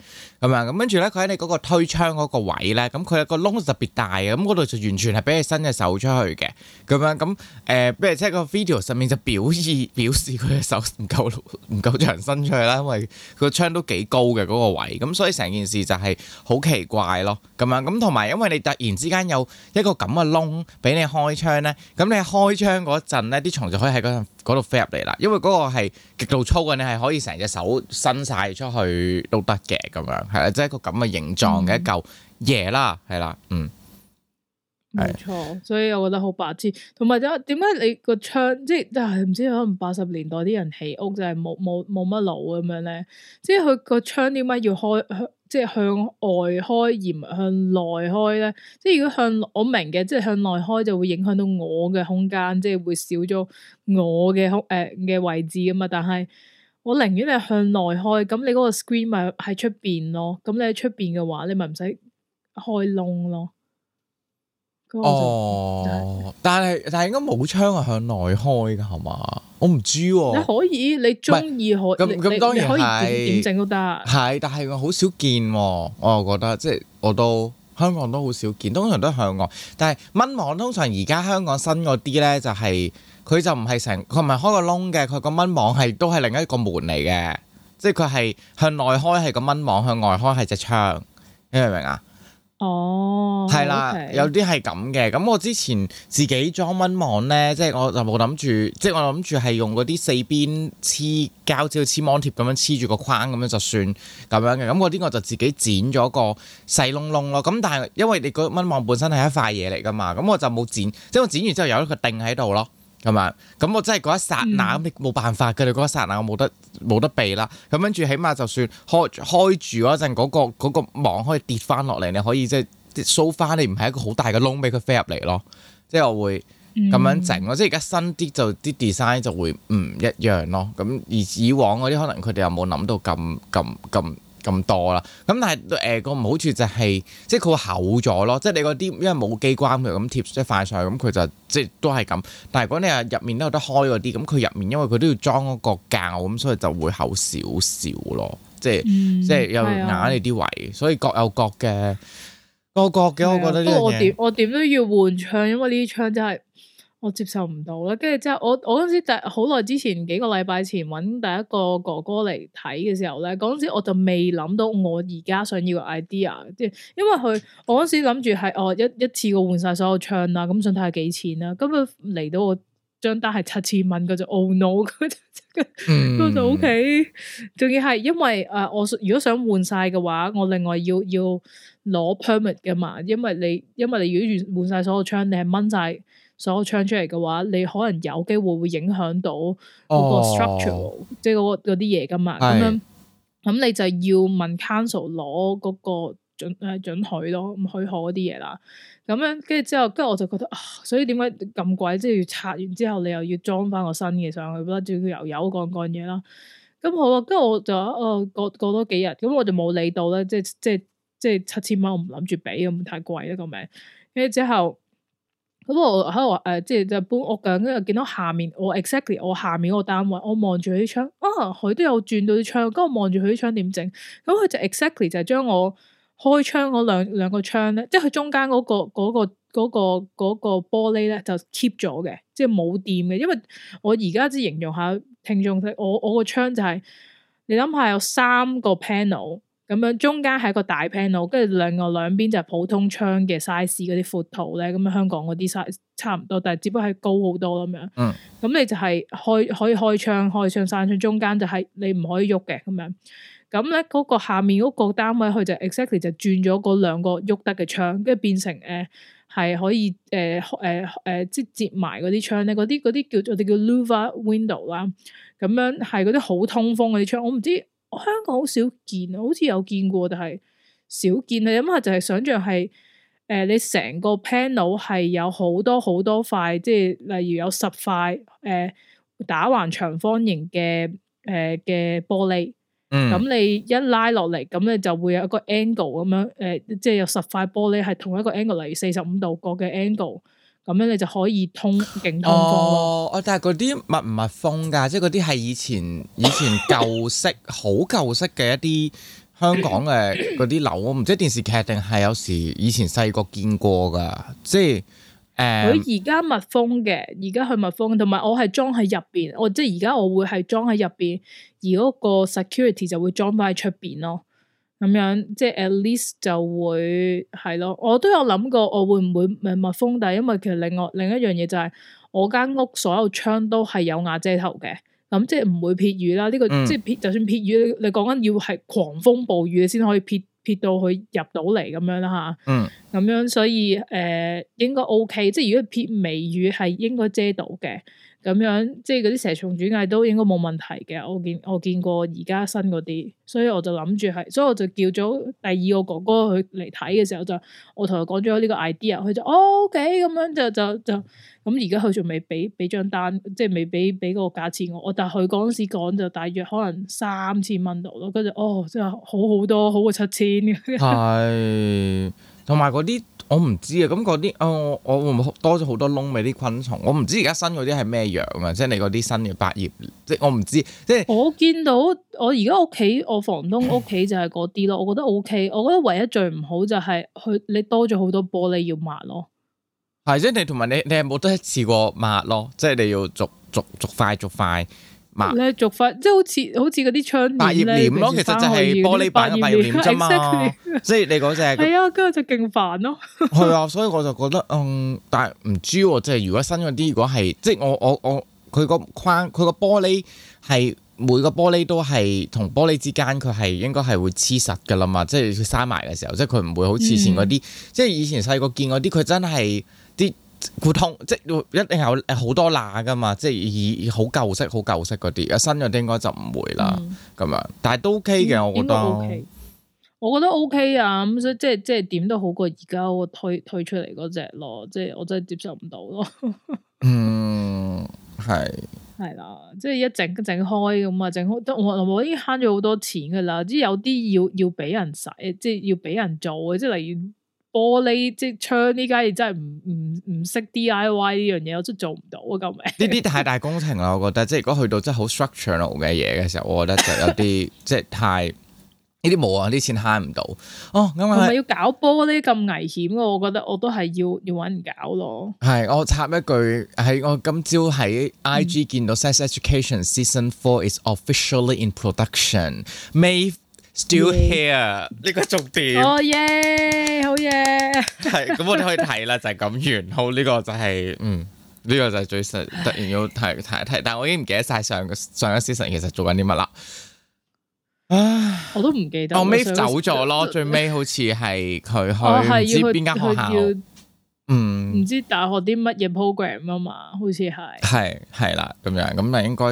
S1: 咁啊，咁跟住咧，佢喺你嗰個推窗嗰個位咧，咁佢有個窿特別大嘅，咁嗰度就完全係俾你伸隻手出去嘅，咁樣咁誒，譬、呃、如即係個 video 上面就表示，表示佢嘅手唔夠唔夠長伸出去啦，因為佢個窗都幾高嘅嗰、嗰個位，咁、嗯、所以成件事就係好奇怪咯，咁樣咁同埋因為你突然之間有一個咁嘅窿俾你開窗咧，咁你開窗嗰陣咧，啲蟲就可以喺嗰、那個嗰度飛入嚟啦，因為嗰個係極度粗嘅，你係可以成隻手伸晒出去都得嘅咁樣，係啦，即係一個咁嘅形狀嘅一嚿嘢啦，係啦，嗯，
S2: 冇錯，所以我覺得好白痴。同埋點解點解你個窗即係即係唔知可能八十年代啲人起屋就係冇冇冇乜樓咁樣咧？即係佢個窗點解要開？即係向外開，而唔係向內開咧。即係如果向我明嘅，即係向內開就會影響到我嘅空間，即係會少咗我嘅空誒嘅位置啊嘛。但係我寧願你向內開，咁你嗰個 screen 咪喺出邊咯。咁你喺出邊嘅話，你咪唔使開窿咯。哦，
S1: 但係但係應該冇窗係向內開噶係嘛？我唔知喎、啊。你可
S2: 以，你中意開，咁咁當然係點點整都、啊、得。
S1: 係，但係我好少見，我又覺得即係我都香港都好少見，通常都向外。但係蚊網通常而家香港新嗰啲咧，就係佢就唔係成佢唔係開個窿嘅，佢個蚊網係都係另一個門嚟嘅，即係佢係向內開係個蚊網，向外開係隻窗，你明唔明啊？
S3: 哦，係啦、oh, okay.，有啲
S1: 係咁嘅。咁我之前自己裝蚊網咧，即係我就冇諗住，即係我諗住係用嗰啲四邊黐膠，即係黐網貼咁樣黐住個框咁樣就算咁樣嘅。咁嗰啲我就自己剪咗個細窿窿咯。咁但係因為你個蚊網本身係一塊嘢嚟噶嘛，咁我就冇剪，即係我剪完之後有一個定喺度咯，咁啊，咁我真係嗰一剎那，你冇辦法嘅，你嗰一剎那我冇得。冇得避啦，咁跟住起碼就算開開住嗰陣，嗰、嗰個嗰個網可以跌翻落嚟，你可以即係掃翻，so、far, 你唔係一個好大嘅窿俾佢飛入嚟咯。即係我會咁樣整咯。嗯、即係而家新啲就啲 design 就會唔一樣咯。咁而以往嗰啲可能佢哋又冇諗到咁咁咁，咁多啦，咁但係誒個唔好處就係即係佢厚咗咯，即係你嗰啲因為冇機關佢咁貼即係放上去咁，佢就即係都係咁。但係如果你係入面都有得開嗰啲咁，佢入面因為佢都要裝嗰個膠咁，所以就會厚少少咯。即係、嗯、即係又的硬你啲位，所以各有各嘅，各有各嘅。的我覺得不過我點
S2: 我點都要換槍，因為呢啲槍真、就、係、是。我接受唔到啦。跟住之後、就係、我我嗰陣時好耐之前幾個禮拜前揾第一個哥哥嚟睇嘅時候咧，嗰陣時我就未諗到我而家想要嘅 idea，即係因為佢我嗰陣時諗住係我一一次過換晒所有窗啦，咁想睇下幾錢啦。咁佢嚟到我張單係七千蚊佢、哦 no, 就「oh no、嗯」。
S3: 佢 就 OK。
S2: 仲要係因為誒、呃、我如果想換晒嘅話，我另外要要攞 permit 㗎嘛，因為你因為你如果換晒所有窗，你係掹晒。所唱出嚟嘅話，你可能有機會會影響到嗰個 structure，即係嗰啲嘢㗎嘛。咁樣咁你就要問 council 攞嗰個準誒準許咯，許可嗰啲嘢啦。咁樣跟住之後，跟住我就覺得，啊，所以點解咁貴？即係要拆完之後，你又要裝翻個新嘅上去啦，仲要油油乾乾嘢啦。咁好啊，跟住我就哦過過多幾日，咁我就冇理到咧。即係即係即係七千蚊，我唔諗住俾咁太貴啦個名。跟住之後。咁我喺度誒，即係就搬屋嘅，跟住見到下面我 exactly 我下面個單位，我望住佢啲窗啊，佢都有轉到啲窗，咁我望住佢啲窗點整，咁、嗯、佢就 exactly 就係將我開窗嗰兩兩個窗咧，即係佢中間嗰、嗰個、嗰個、嗰個、嗰個嗰個玻璃咧就 keep 咗嘅，即係冇掂嘅，因為我而家先形容下聽眾，我我個窗就係、是、你諗下有三個 panel。咁樣中間係一個大 panel，跟住另外兩邊就普通窗嘅 size 嗰啲闊度咧，咁樣香港嗰啲 size 差唔多，但係只不過係高好多咁樣。咁、嗯、你就係開可，可以開窗、開窗、閂窗，中間就係你唔可以喐嘅咁樣。咁咧嗰個下面嗰個單位佢就 exactly 就轉咗嗰兩個喐得嘅窗，跟住變成誒係、呃、可以誒誒誒即接埋嗰啲窗咧，嗰啲啲叫做哋叫，叫 louver window 啦，咁樣係嗰啲好通風嗰啲窗，我唔知。哦、香港好少見，好似有見過，但係少見。你諗下，就係、是、想像係誒、呃，你成個 panel 係有好多好多塊，即係例如有十塊誒、呃、打橫長方形嘅誒嘅玻璃。嗯，
S3: 咁你
S2: 一拉落嚟，咁咧就會有一個 angle 咁樣，誒、呃，即係有十塊玻璃係同一個 angle，嚟，四十五度角嘅 angle。咁樣你就可以通勁通風
S1: 咯。哦，但係嗰啲密唔密封噶？即係嗰啲係以前以前舊式好 舊式嘅一啲香港嘅嗰啲樓，我唔知電視劇定係有時以前細個見過噶，即係誒。佢而
S2: 家密封嘅，而家去密封，同埋我係裝喺入邊，我即係而家我會係裝喺入邊，而嗰個 security 就會裝翻喺出邊咯。咁樣即係 at least 就會係咯，我都有諗過我會唔會密，密封，但係因為其實另外另一樣嘢就係、是、我間屋所有窗都係有瓦遮頭嘅，咁即係唔會撇雨啦。呢、這個即係撇就算撇雨，你講緊要係狂風暴雨先可以撇撇到佢入到嚟咁樣啦嚇。咁、嗯、樣所以誒、呃、應該 OK，即係如果撇微雨係應該遮到嘅。咁樣即係嗰啲蛇蟲鼠蟻都應該冇問題嘅，我見我見過而家新嗰啲，所以我就諗住係，所以我就叫咗第二個哥哥去嚟睇嘅時候就，我同佢講咗呢個 idea，佢就、哦、OK 咁樣就就就，咁而家佢仲未俾俾張單，即係未俾俾嗰個價錢我，但係佢嗰陣時講就大約可能三千蚊度咯，跟住哦真係好好多，好過七千嘅。
S1: 係，同埋嗰啲。我唔知啊，咁嗰啲啊我我會唔會多咗好多窿咪啲昆蟲，我唔知而家新嗰啲係咩樣啊，即係你嗰啲新嘅百葉，即係我唔知，
S2: 即係我見到我而家屋企我房東屋企就係嗰啲咯， 我覺得 OK，我覺得唯一最唔好就係佢你多咗好多玻璃要抹咯，
S1: 係即你同埋你你有冇得一次過抹咯，即係你要逐逐逐快逐快。逐快嗯、
S2: 你逐塊即係好似好似嗰啲窗簾百葉簾咯，其實就係玻璃板嘅百葉簾啫嘛。即係
S1: Exactly. 你講只係啊，
S2: 跟住就勁煩咯。
S1: 係啊， 所以我就覺得嗯，但係唔知即係如果新嗰啲，如果係即係我我我佢個框佢個玻璃係每個玻璃都係同玻璃之間佢係應該係會黐實噶啦嘛。即係佢閂埋嘅時候，即係佢唔會好似以前嗰啲，即係以前細個見嗰啲佢真係啲。古通即係一定有好多罅噶嘛，即係好舊式、好舊式嗰啲，新啲應該就唔會啦咁、嗯、樣。但係都 OK 嘅，我應該我覺得 OK，
S2: 我覺得 OK 啊。咁所以即係即係點都好過而家我推推出嚟嗰隻咯，即係我真係接受唔到咯。呵
S1: 呵嗯，係
S2: 係啦，即係一整整開咁啊，整開，整開我我已經慳咗好多錢噶啦，即係有啲要要俾人使，即係要俾人做，即係例如。玻璃即係窗呢家嘢真係唔唔唔識 DIY 呢樣嘢，我真做唔到啊！咁呢
S1: 啲太大工程啦，我覺得即係如果去到真係好 structural 嘅嘢嘅時候，我覺得就有啲 即係太呢啲冇啊，啲錢慳唔到哦。咁係咪要
S2: 搞玻璃咁危險嘅？我覺得我都係要要搵人搞咯。
S1: 係，我插一句，喺我今朝喺 IG 見到 Sex、嗯、Sex Education Season Four is officially in production May。Still here 呢個重點。哦
S2: 耶，好耶。係，咁我哋可以睇
S1: 啦，就係咁完。好呢個就係，嗯，呢個就係最實突然要睇睇睇，但我已經唔記得晒上個上一 season 其實做緊啲乜啦。唉，
S2: 我都唔記得。我尾走咗咯，最尾
S1: 好似係佢去知邊間學校。嗯，唔
S2: 知大學啲乜嘢 program 啊嘛，好似係
S1: 係係啦咁樣，咁咪應該。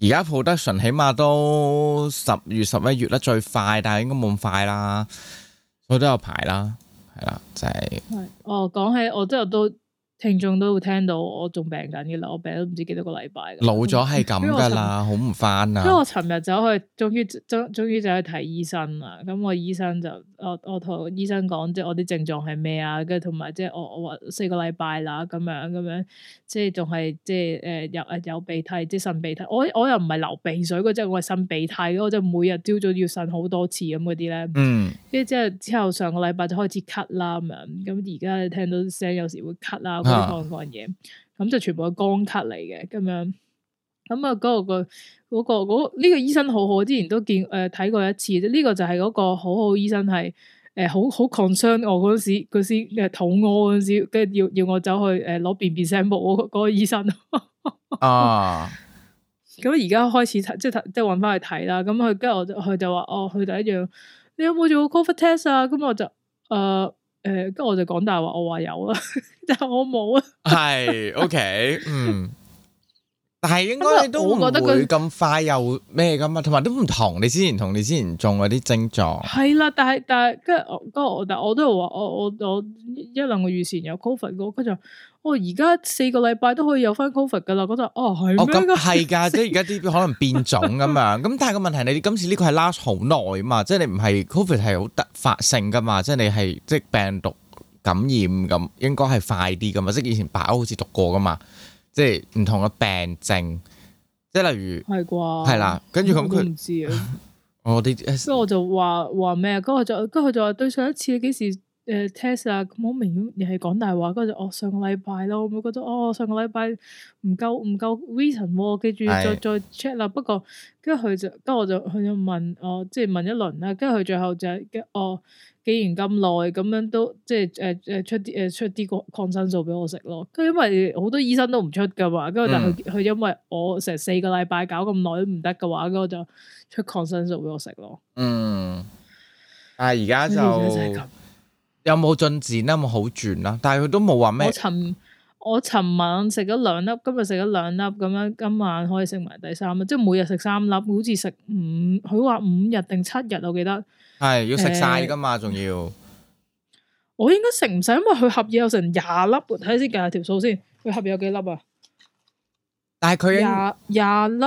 S1: 而家 production，起碼都十月十一月啦，最快，但係應該冇咁快啦，我都有排啦，係啦，就
S2: 係、係。哦，講起我之後都。聽眾都會聽到我仲病緊嘅啦，我病咗唔知幾多個禮拜。老咗係咁噶啦，
S1: 好唔翻啊！因為我
S2: 尋日， 日走去，終於終於走去睇醫生啦。咁我醫生就我我同醫生講，即係我啲症狀係咩啊？跟住同埋即係我我話四個禮拜啦，咁樣咁樣，樣，即係仲係即係誒、呃、有誒有鼻涕，即係擤鼻涕。我我又唔係流鼻水，即係我係擤鼻涕咯、嗯，即係每日朝早要擤好多次咁嗰啲咧。跟住之後之後上個禮拜就開始咳啦，咁樣咁而家聽到聲有時會咳啦。 嗰嘢，咁就全部係光咳嚟嘅，咁樣，咁啊嗰個、那個呢、那個這個醫生好好，之前都見誒睇、呃、過一次，呢、這個就係嗰個好好醫生係誒好、呃、好 concern 我嗰時，佢先誒肚屙嗰時，跟住要要我走去誒攞、呃、便便 sample 嗰個醫生啊，咁而家開始即係睇即係搵翻去睇啦。咁佢跟住我佢就話哦，佢第一樣，你有冇做過 COVID test 啊？咁我就誒。呃誒，跟住、呃、我就講大話，我話有啦，但係我冇
S1: 啊。係，OK，嗯。係應該你都覺得佢咁快又咩噶嘛，同埋都唔同。你之前同你之前中嗰啲症狀。
S2: 係啦，但係但係，跟住我但我都係話，我我我一兩個月前有 Covid 嘅，我跟我而家四個禮拜都可以有翻 Covid 噶啦，覺得哦係咩？哦咁係㗎，即係而家
S1: 啲可能變種咁樣。咁但係個問題你哋今次呢個係 last 好耐啊嘛，即係你唔係 Covid 係好突發性噶嘛，即係你係即係病毒感染咁，應該係快啲噶嘛，即係以前白歐好似讀過噶嘛。即係唔同嘅病症，即係例如
S2: 係啩，係啦吧，嗯、跟住咁佢唔知啊，
S1: 我啲，所
S2: 以我就話話咩？跟住就跟住就話對上一次幾時誒 test 啊？咁好明顯，又係講大話。跟住我上個禮拜咯，我覺得哦上個禮拜唔夠唔夠 reason，記住再是再 check 啦。不過跟住佢就跟我就去問，我、哦、即係問一輪啦。跟住佢最後就，係哦。既然咁耐咁樣都即係誒誒出啲誒、呃、出啲抗抗生素俾我食咯，因為好多醫生都唔出噶嘛，跟住但係佢、嗯、因為我成四個禮拜搞咁耐都唔得嘅話，咁我就出抗生素俾我食咯。
S1: 嗯，但係而家就，就有冇進展咧？有冇好轉啦，啊？但係佢都冇話咩？我尋
S2: 我尋晚食咗兩粒，今日食咗兩粒，咁樣今晚可以食埋第三粒，即係每日食三粒，好似食五，佢話五日定七日，我記得。
S1: 係 要食晒噶嘛，仲、欸、要
S2: 我應該食唔晒，因為佢盒藥有成廿粒，睇下先，計下條數先。佢盒藥有幾粒啊？
S1: 但係佢
S2: 廿粒。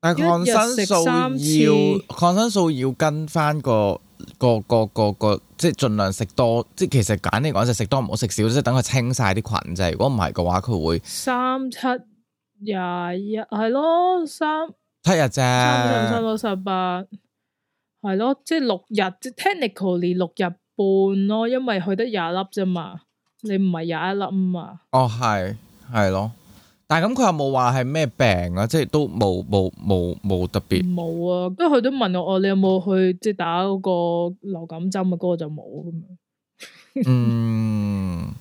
S1: 但係抗生素要抗生素要跟翻個個個個個，即係盡量食多。即係其實簡單講就食多唔好食少，即係等佢清晒啲菌啫。如果唔係嘅話，佢會
S2: 三七廿一係咯，三
S1: 七要日咋？三十六
S2: 十八。係咯，即係六日，technically 即係六日半咯，因為佢得廿粒啫嘛，你唔係廿一粒嘛。
S1: 哦，係係咯，但係咁佢又冇話係咩病啊，即係都冇冇冇冇特別。
S2: 冇啊，跟住佢都問我，我你有冇去即係、就是、打嗰個流感針啊？嗰、嗰個就冇咁樣。 嗯。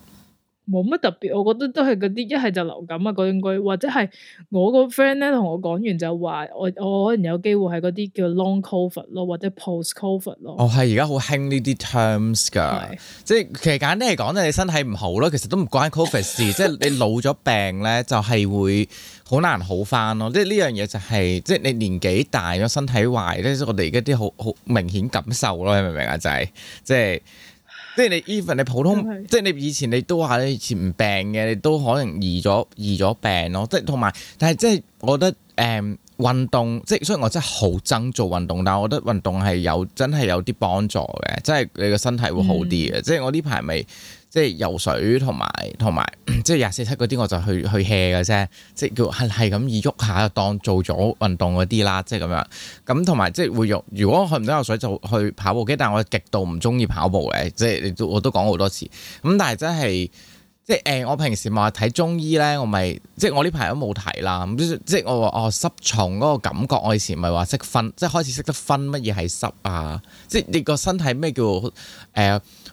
S2: 冇乜特別，我覺得都係嗰啲一係就流感啊嗰種鬼，或者係我個 friend 咧同我講完就話我我可能有機會係嗰啲叫 long covid 咯，或者 post covid
S1: 咯。哦，係而家好興呢啲 terms 㗎，是即係其實簡單嚟講就係你身體唔好咯，其實都唔關 covid 事， 即係你老咗病咧就係、是、會好難好返咯。即係呢樣嘢就係、是、即係你年紀大咗，身體壞咧，我哋而家啲好好明顯感受咯，你明唔明啊？就係、是、即係。即係你 even 你普通，是即係你以前你都話你以前唔病嘅，你都可能移咗移咗病咯。即係同埋，但係即係我覺得誒、嗯、運動，即係雖然我真係好憎做運動，但係我覺得運動係有真係有啲幫助嘅，即係你個身體會好啲嘅。嗯、即係我呢排咪。即係游水同埋同埋，即係廿四七嗰啲我就去去 hea 嘅啫，即係叫係係咁意喐下當做咗運動嗰啲啦，即係咁樣。咁同埋即係會用，如果去唔到游水就去跑步機，但係我極度唔中意跑步嘅，即係都我都講好多次。咁但係真係。即係誒、呃，我平時咪話睇中醫咧，我咪即係我呢排都冇睇啦。即係我話哦，濕重嗰個感覺，我以前咪話識分，即係開始識得分乜嘢係濕啊。即係你個身體咩叫誒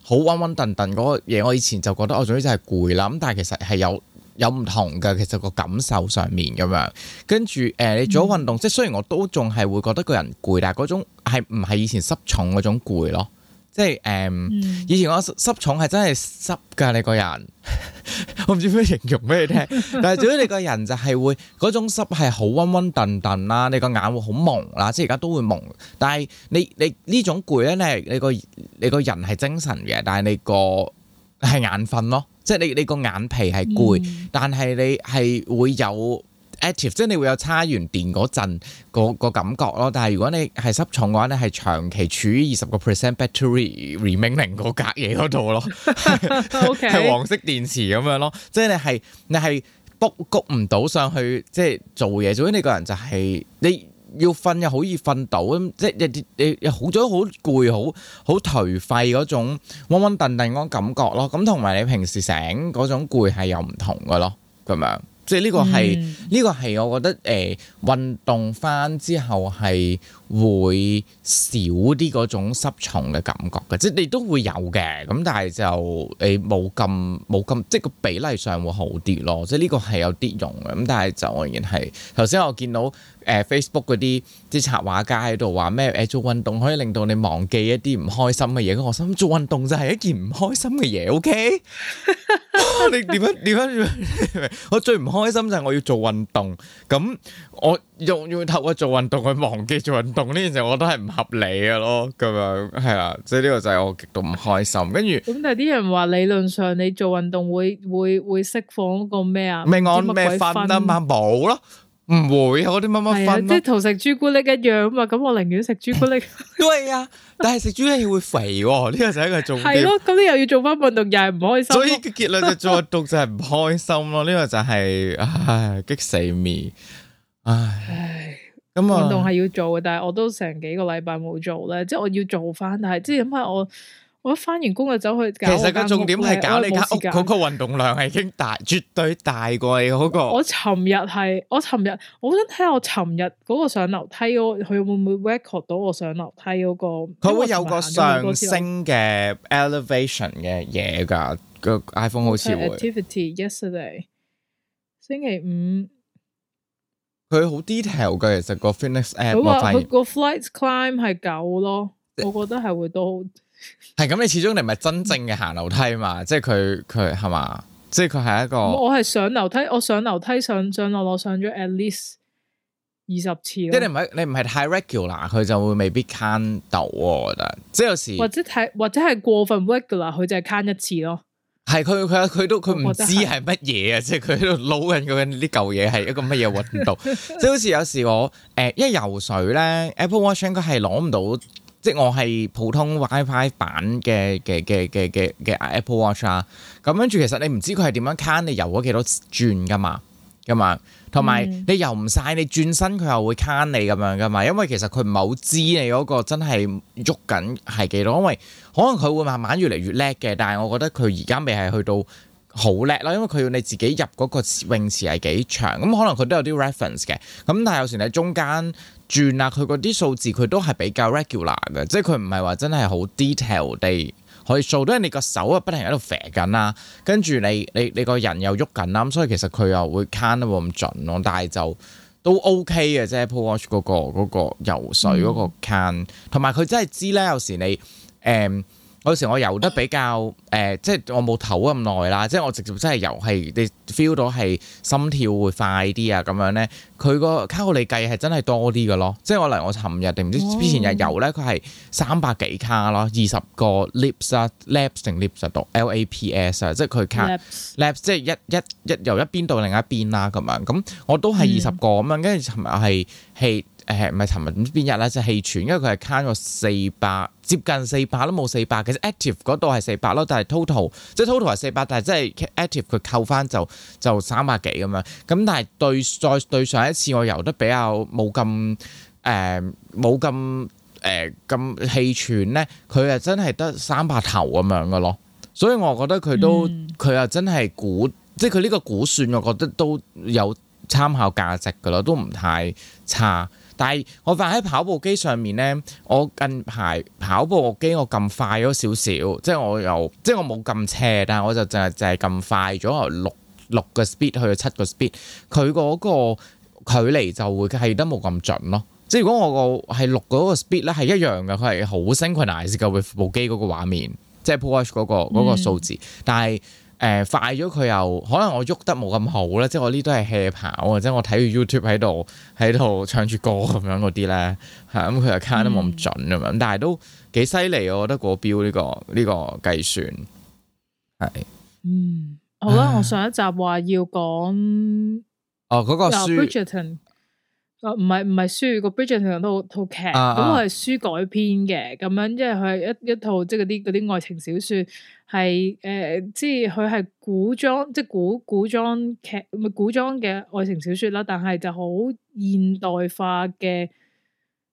S1: 好瘟瘟燉燉嗰個嘢，我以前就覺得我總之就係攰啦。咁但係其實係有有唔同嘅，其實個感受上面咁樣。跟住誒、呃，你做咗運動，嗯、即係雖然我都仲係會覺得個人攰，但係嗰種係唔係以前濕重嗰種攰咯。即係誒，以前我濕濕重係真係濕㗎，你個人，我唔知咩形容俾你聽。但係總之你個人就係會嗰種濕係好暈暈沌沌啦，你個眼會好朦啦，即係而家都會朦。但係你你呢種攰咧，你你個你個人係精神嘅，但係你個係眼瞓咯，即係你你個眼皮係攰，但係你係會有。active 即係你會有叉完電嗰陣個感覺咯，但係如果你係濕重嘅話，你係長期處於二十個 percent battery remaining 嗰格嘢嗰度咯，係 Okay. 黃色電池咁樣咯，即係你係你係谷谷唔到上去，即係做嘢，總之你個人就係、是、你要瞓又好易瞓到，即係你你好咗好攰，好好頹廢嗰種溫溫頓頓嗰種感覺咯，咁同埋你平時醒嗰種攰係有唔同嘅咯，咁樣。即係呢個，係、這、呢個，係我覺得誒、呃，運動翻之後係。會少啲嗰種濕重嘅感覺嘅，即係你都會有嘅，咁但係就誒冇咁冇咁，即係個比例上會好啲咯。即係呢個係有啲用嘅，咁但係就仍然係頭先我見到誒 Facebook 嗰啲即插畫家喺度話咩？做運動可以令到你忘記一啲唔開心嘅嘢，咁我諗做運動就係一件唔開心嘅嘢，OK？你點樣點樣做？我最唔開心就係我要做運動咁。我用用透過去做運動，去忘記做運動呢件事，我覺得係唔合理嘅咯。咁樣係啊，所以呢個就係我極度唔開心。跟住咁
S2: 但係啲人話理論上你做運動會會會釋放嗰個咩啊咩胺咩分啊
S1: 冇咯，唔會嗰啲
S2: 乜乜分，分、啊，即係同食朱古力一樣啊嘛。咁我寧願食朱古力。 對啊，
S1: 但係食朱古力會肥、哦，呢、這個就係一個重點。係
S2: 咯、啊，咁你又要做翻運動又係唔開心，所以結論就
S1: 再度 就係唔開心咯。呢、這個就係、是、唉激死我。
S2: 唉，咁啊、嗯，運動係要做嘅，但係我都成幾個禮拜冇做咧，即係我要做翻，但係即係諗下我，我一翻完工就走去搞。搞其實個重點係搞你間屋嗰個
S1: 運動量係已經大，絕對大過你嗰，嗰個？我
S2: 尋日係，我尋日，我想睇下我尋日嗰個上樓梯，佢會唔會 record 到我上樓梯嗰，嗰個？佢會有個上升
S1: 嘅 elevation 嘅嘢噶，個 iPhone 好似會
S2: Activity yesterday，星期五。
S1: 佢好 detail 嘅，其實細細個 fitness app 好、啊、我發現佢
S2: 個 flight climb 係九咯，我覺得係會多好。
S1: 係 咁，你始終你唔係真正嘅行樓梯嘛？即係佢佢係嘛？即係佢係一個。嗯、
S2: 我係上樓梯，我上樓梯上上落落上咗 at least 二十次咯。即係
S1: 你唔係你唔係太 regular 佢就會未必 count 到，我覺得，即係有時或
S2: 者太或者係過分 regular，佢就係 count 一次咯。
S1: 係佢佢佢都
S2: 佢唔知係
S1: 乜嘢啊！即係佢喺度撈緊究竟呢舊嘢，係一個乜嘢運動？ 即係好似有時我誒，因、呃、為游水咧，Apple Watch 應該係攞唔到，即係我係普通 WiFi 版嘅嘅嘅嘅嘅嘅 Apple Watch 啊。咁跟住其實你唔知佢係點樣 count 你游咗幾多轉噶嘛？噶嘛，同埋你游唔晒，你轉身佢又會慳你咁樣噶嘛，因為其實佢唔係好知你嗰個真係喐緊係幾多，因為可能佢會慢慢越嚟越叻嘅，但係我覺得佢而家未係去到好叻啦，因為佢要你自己入嗰個泳池係幾長，咁可能佢都有啲 reference 嘅，咁但係有時你中間轉啊，佢嗰啲數字佢都係比較 regular 嘅，即係佢唔係話真係好 detail 地。可以做、到，你個手啊不停喺度揈緊啦，跟住你你你個人又喐緊啦，咁所以其實佢又會 count 得冇咁準咯，但係就都 OK 嘅啫。ProWatch 嗰、嗯嗰個嗰、嗰個游水嗰、嗰個 can，同埋佢真係知咧，有時你誒。嗯有時我游得比較誒、呃，即係我冇唞咁耐啦，即係我直接真係游係你 feel 到係心跳會快啲啊咁樣咧，佢個卡路里計係真係多啲嘅咯。即係我嚟我尋日定唔知之前日游咧，佢係三百幾卡咯，二十個 lips 啊 laps 定 lips 讀 laps 啊，即係佢卡 laps 即係一一一由一邊到另一邊啦咁樣。咁我都係二十個咁樣，跟住尋日係係。誒唔係琴日唔知邊日咧，就氣喘，因為佢係慳咗四百接近四百都冇四百，其實 active 嗰度係四百咯，但係 total 即係 total 係四百，但係即係 active 佢扣翻就就三百幾咁樣。咁但係對再對上一次我游得比較冇咁誒冇咁誒咁氣喘咧，佢又真係得三百頭咁樣嘅咯。所以我覺得佢都佢、嗯、又真係估即係佢呢個估算，我覺得都有參考價值噶咯，都唔太差。但係我發喺跑步機上面咧，我近排跑步機我咁快咗少少，即係我由即係我冇咁斜，但係我就淨係淨係咁快咗，六六個 speed 去到七個 speed，佢嗰個距離就會計得冇咁準咯。即係如果我個係六嗰個 speed 咧係一樣嘅，佢係好 synchronized 嘅，會部機嗰個畫面，即係 po watch 嗰個數字，嗯、但係。誒、呃、快咗佢又可能我喐得冇咁好咧，即係我呢都係 hea 跑啊，即我睇住 YouTube 喺度喺度唱住歌咁樣嗰啲咧嚇，咁佢又卡得冇咁準咁樣，但係都幾犀利我覺得、個表呢個呢個計算係，嗯
S2: 好啦，我上一集話要講、啊、
S1: 哦嗰、嗰個書哦
S2: 啊，唔係唔係書，個《Bridgerton》套套劇，咁我係書改編嘅，咁樣，即係佢一一套即係嗰啲啲愛情小説，係誒、呃，即係佢係古裝，即係古古裝劇，咪古裝嘅愛情小説啦，但係就好現代化嘅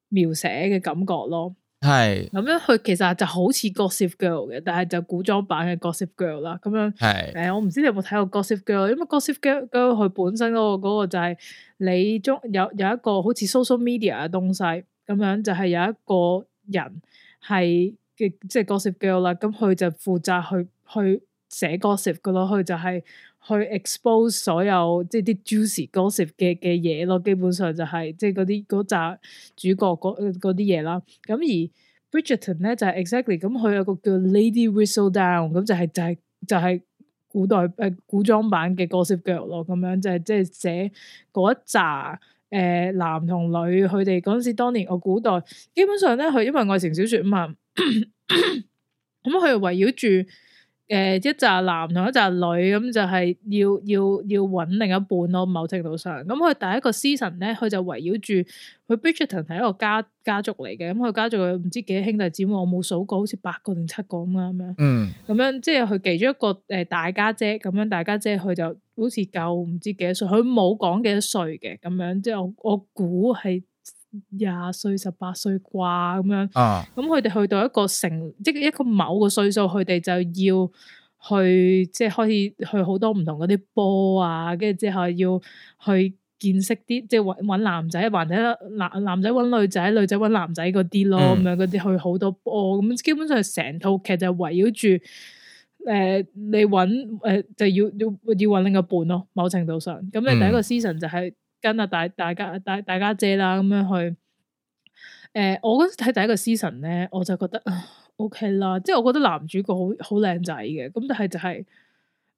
S2: 描寫嘅感覺咯。係咁樣佢其實就好似 Gossip Girl 嘅，但係就古裝版嘅 Gossip Girl 啦。咁樣係，誒，我唔知你有冇睇過 Gossip Girl，因為 Gossip Girl 佢本身嗰個嗰個就係你中有有一個好似 Social Media 嘅東西咁樣，就係有一個人係嘅，即係 Gossip Girl 啦。咁佢就負責去去寫 Gossip 嘅咯，佢就係。去 expose 所有即係啲 juicy gossip 嘅嘅嘢咯，基本上就係、是、即係嗰啲嗰集主角嗰啲嘢啦。咁而 Bridgerton 咧就係、是、exactly，咁佢有個叫 Lady Whistle Down，咁就係、是、就係、是、就係、是、古代誒古裝版嘅 Gossip Girl 咯。咁樣就係即係寫嗰一集誒男同女佢哋嗰陣時，當年我古代基本上咧，佢因為愛情小説嘛，咁佢又圍繞住。 誒一紮男同一紮女咁就係要要要揾另一半咯，某程度上。咁佢第一個 season 咧，佢就圍繞住佢 Bridgerton 係一個家家族嚟嘅，咁佢家族唔知幾多兄弟姊妹，我冇數過，好似八個定七個咁樣。嗯。咁樣即係佢其中一個誒大家姐咁樣，大家姐佢就好似夠唔知幾多歲，佢冇講幾多歲嘅咁樣，即係我我估係。廿歲十八歲啩，咁樣，咁佢哋去到一個成即係一個某個歲數，佢哋就要去即係可以去好多唔同嗰啲波啊，跟住之後要去見識啲，即係搵男仔，或者男男仔搵女仔，女仔搵男仔嗰啲咯，咁、嗯、樣嗰啲去好多波，咁基本上成套劇就圍繞住誒你搵誒、呃、就要要搵另一個伴咯，某程度上咁你第一個 season、嗯、就係、是。跟啊大大家大大家姐啦咁樣去，誒、呃，我嗰睇第一個 season 咧，我就覺得，ok 啦，即係我覺得男主角好好靚仔嘅，咁但係就係、是，誒、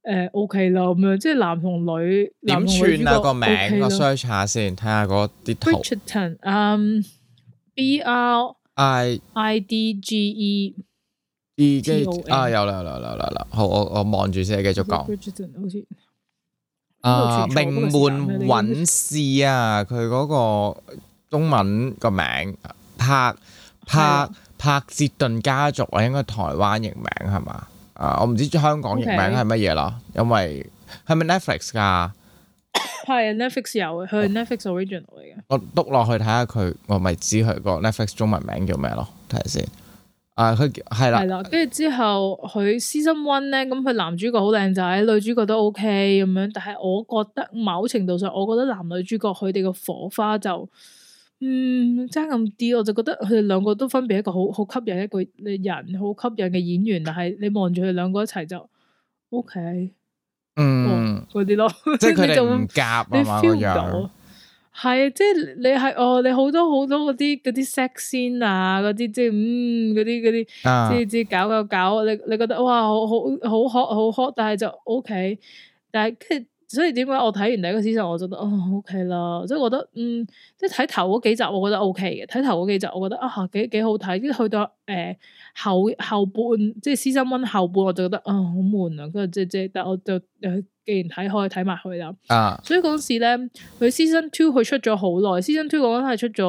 S2: 呃、ok 啦咁樣，即係男同女，點串啊個名，我 search
S1: 下先，睇下嗰啲。
S2: Bridgerton，嗯 B R I D G E
S1: T O N 啊有啦有啦有啦啦，好，我我望住先，繼續講。
S2: 啊！名門韻
S1: 事啊，佢嗰個中文個名，帕帕，帕帕捷頓家族啊，應該台灣譯名係嘛？啊，我唔知香港譯名係乜嘢咯，Okay. 因為係咪 Netflix 噶？係 Net
S2: 啊、Netflix 有嘅，佢 Netflix original 嚟
S1: 嘅。我督落去睇下佢，我咪知佢個 Netflix 中文名叫咩咯？睇下先。啊，佢係啦，係啦，跟
S2: 住之後佢 season one 咧，咁佢男主角好靚仔，女主角都 OK 咁樣，但係我覺得某程度上，我覺得男女主角佢哋個火花就，嗯，爭咁啲，我就覺得佢哋兩個都分別一個好好吸引一個人，好吸引嘅演員，但係你望住佢哋兩個一齊就 OK，嗯，嗰啲、哦、咯，即係佢哋唔夾啊嘛，咁樣。係，即係你係哦，你好多好多嗰啲嗰啲 sex 先啊，嗰啲、嗯啊、即係嗯嗰啲啲，即係即搞搞搞，你你覺得哇，好好好 hot 好 hot，但係就 O、OK、K，但係跟所以點解我睇完第一個先就我覺、哦 OK、我覺得哦 O K 啦，所以、嗯、我覺得嗯、OK，即係睇頭嗰幾集，我覺得 O K 嘅，睇頭嗰幾集，我覺得啊幾幾好睇，跟住去到誒。呃後後半即係 Season one 後半我就覺得啊、哦、好悶啊，跟住，即即但我就既然睇開睇埋去啦，啊！所以嗰時咧，佢 Season two 佢出咗好耐，Season two 我係出咗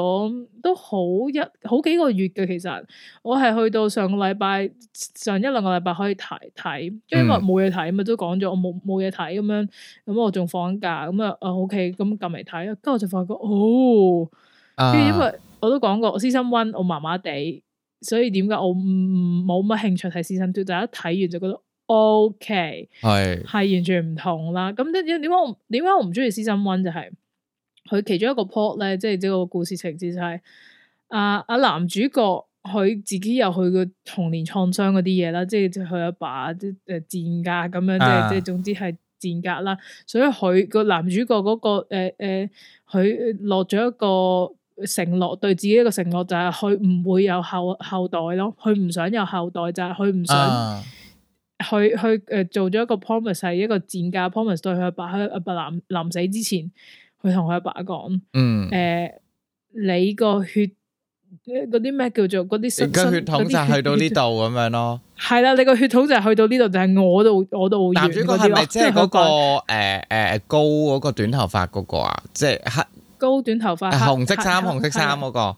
S2: 都好一好幾個月嘅。其實我係去到上個禮拜上一兩個禮拜可以睇睇，因為冇嘢睇咪都講咗，我冇冇嘢睇咁樣，咁我仲放假，咁啊啊 OK，咁撳嚟睇，跟住我就發覺哦，啊、因為我都講過 Season one 我麻麻地。所以點解我唔冇乜興趣睇 season two，就一睇完就覺得 OK，
S3: 係係
S2: 是完全唔同啦。咁點點解點解我唔中意 season one，就係佢其中一個 plot 咧，即係呢個故事情節就係阿阿男主角佢自己有佢嘅童年創傷嗰啲嘢啦，即係即係佢阿爸即誒、就是呃、賤格咁樣，即、就、即、是、總之係賤格啦。啊、所以佢個男主角嗰、那個誒佢落咗一個。承諾對自己一個承諾就係佢唔會有後後代咯，佢唔想有後代就係佢唔想佢去誒做咗一個 promise 係一個賤價 promise 對佢阿爸阿阿爸臨臨死之前，佢同佢阿爸講：嗯，誒，你個血嗰啲咩叫做嗰啲血統就去到呢度
S1: 咁樣咯。
S2: 係啦，你個血統就去到呢度，就係我度我度。男主角係咪即係嗰個
S1: 誒誒高嗰個短頭髮嗰個啊？即係
S2: 高短頭髮，紅色衫，黑黑紅色衫嗰
S1: 個錯，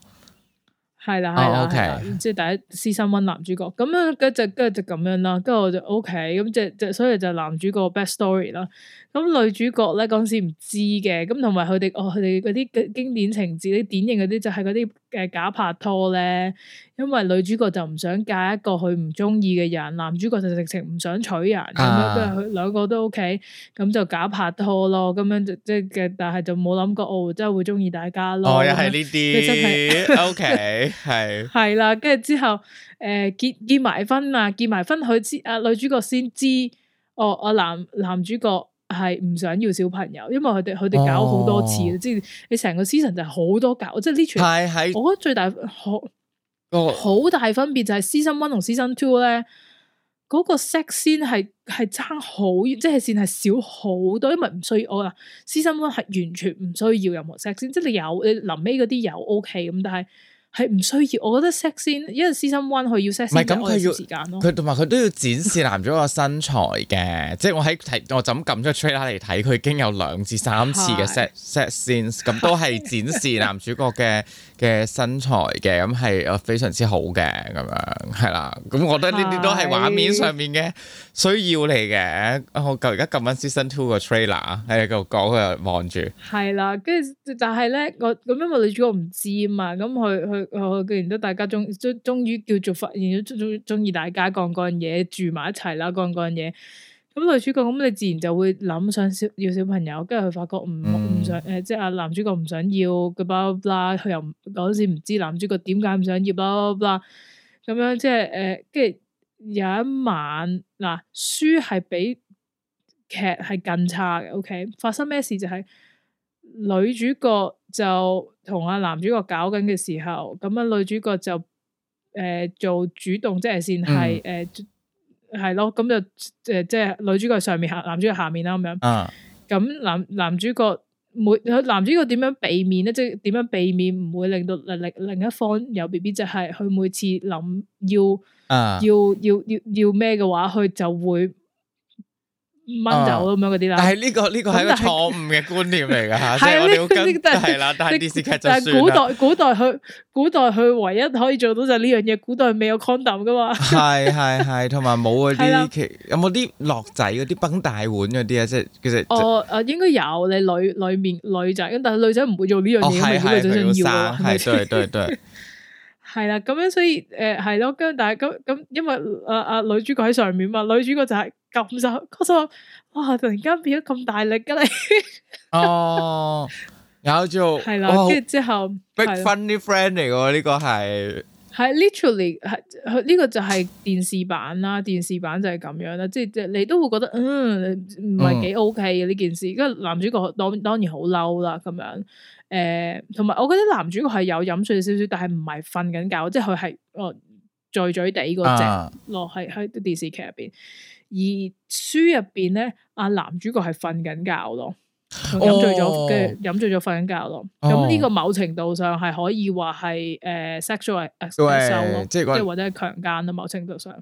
S2: 係啦，啊，係啦，OK，即係第一私心溫男主角咁樣，跟住跟住就咁樣啦，跟住我就 OK，咁即係即所以就男主角 best story 啦。咁女主角咧嗰時唔知嘅，咁同埋佢哋哦，佢哋嗰啲經典情節啲典型嗰啲就係嗰啲誒假拍拖咧，因為女主角就唔想嫁一個佢唔中意嘅人，男主角就直情唔想娶人，咁樣跟住佢兩個都 OK，咁就假拍拖咯，咁樣即係嘅，但係就冇諗過哦，真係會中意大家咯。哦，又係呢啲
S1: ，OK，真係
S2: 係啦，跟住之後誒結結埋婚啊，結埋婚佢知啊，女主角先知，哦，我男男主角。係唔想要小朋友，因為佢哋佢哋搞好多次，即係你成個 season 就係好多搞，即係呢場。係是是 我覺得最大好好那個 大分別就係 season one 同 season two 咧，嗰個 sex scene 係係差好遠，即係線係少好多，因為唔需要我啦，season one 係完全唔需要任何 sex scene，即係你有你臨尾嗰啲有 OK 咁，但係。係唔需要，我覺得 sex 先，因為 season one 佢要 sex，唔係咁佢要時間咯。佢
S1: 同埋佢都要展示男主角嘅身材嘅， 即係我喺睇，我就咁撳咗個 trailer 嚟睇，佢已經有兩至三次嘅 sex sex scenes 咁都係展示男主角嘅嘅身材嘅，咁係非常之好嘅，咁樣係啦。咁我覺得呢啲都係畫面上面嘅需要嚟嘅是。我而家撳緊 season two 個 trailer 啊，喺度講佢又望住。
S2: 係啦，跟住但係咧，我咁因為女主角唔知啊嘛，咁佢佢。我既然都大家中，終終於叫做發現咗中中意大家講講嘢，住埋一齊啦，講講嘢。咁女主角咁，你自然就會諗想，想要，小要小朋友，跟住佢發覺唔唔想，誒、呃、即係、啊、阿男主角唔想要嘅，巴拉佢又嗰陣時唔知男主角點解唔想要啦，巴拉咁樣即係、啊、誒，跟住有一晚嗱、啊，書係比劇係更差嘅，OK？發生咩事就係、是？女主角就同阿男主角搞緊嘅時候，咁樣女主角就誒、呃、做主動即係先係誒係咯，咁就誒、呃、即係女主角上面，男主角下面啦咁樣。啊，咁男男主角每男主角點樣避免咧？即係點樣避免唔會令到另另另一方有 BB？就係佢每次諗要要、啊、要要要咩嘅話，佢就會。掹走咁樣嗰啲啦，但係呢個呢個係個錯誤
S1: 嘅觀念嚟噶吓，係啊呢啲， 但係是啦，但係電視劇就係古代
S2: 古代佢古代佢唯一可以做到就係呢樣嘢，古代未有 condom 噶嘛。
S1: 係係係，同埋冇嗰啲，有冇啲落仔嗰啲崩大碗嗰啲啊？即係其實哦、就是，誒、
S2: 呃，應該有，你女裏面女仔，但係女仔唔會做呢樣嘢，女仔最想要咯，係樣對對對，對。 係啦，咁 樣所以誒係咯，跟但係咁咁，因為阿、呃、阿、呃呃、女主角喺上面嘛，女主角就係咁就嗰個哇，突然間變咗咁大力嘅你
S1: 哦，哦， 然後就係啦，跟住
S2: 之後 Big Funny
S1: Friend 嚟嘅呢個係，
S2: 係 Literally 係呢個就係電視版啦，電視版就係咁樣啦，即係你都會覺得嗯唔係幾 OK 嘅呢、嗯、件事，跟住男主角當當然好嬲啦咁樣。誒，同埋、呃、我覺得男主角係有飲醉少少，但係唔係瞓緊覺，即係佢係哦醉醉地嗰隻落喺喺啲電視劇入邊，而書入邊咧，阿男主角係瞓緊覺咯，飲醉咗跟住飲醉咗瞓緊覺咯，咁呢、哦、個某程度上係可以話係誒 sexual assault 即係或者強姦啦，某程度上。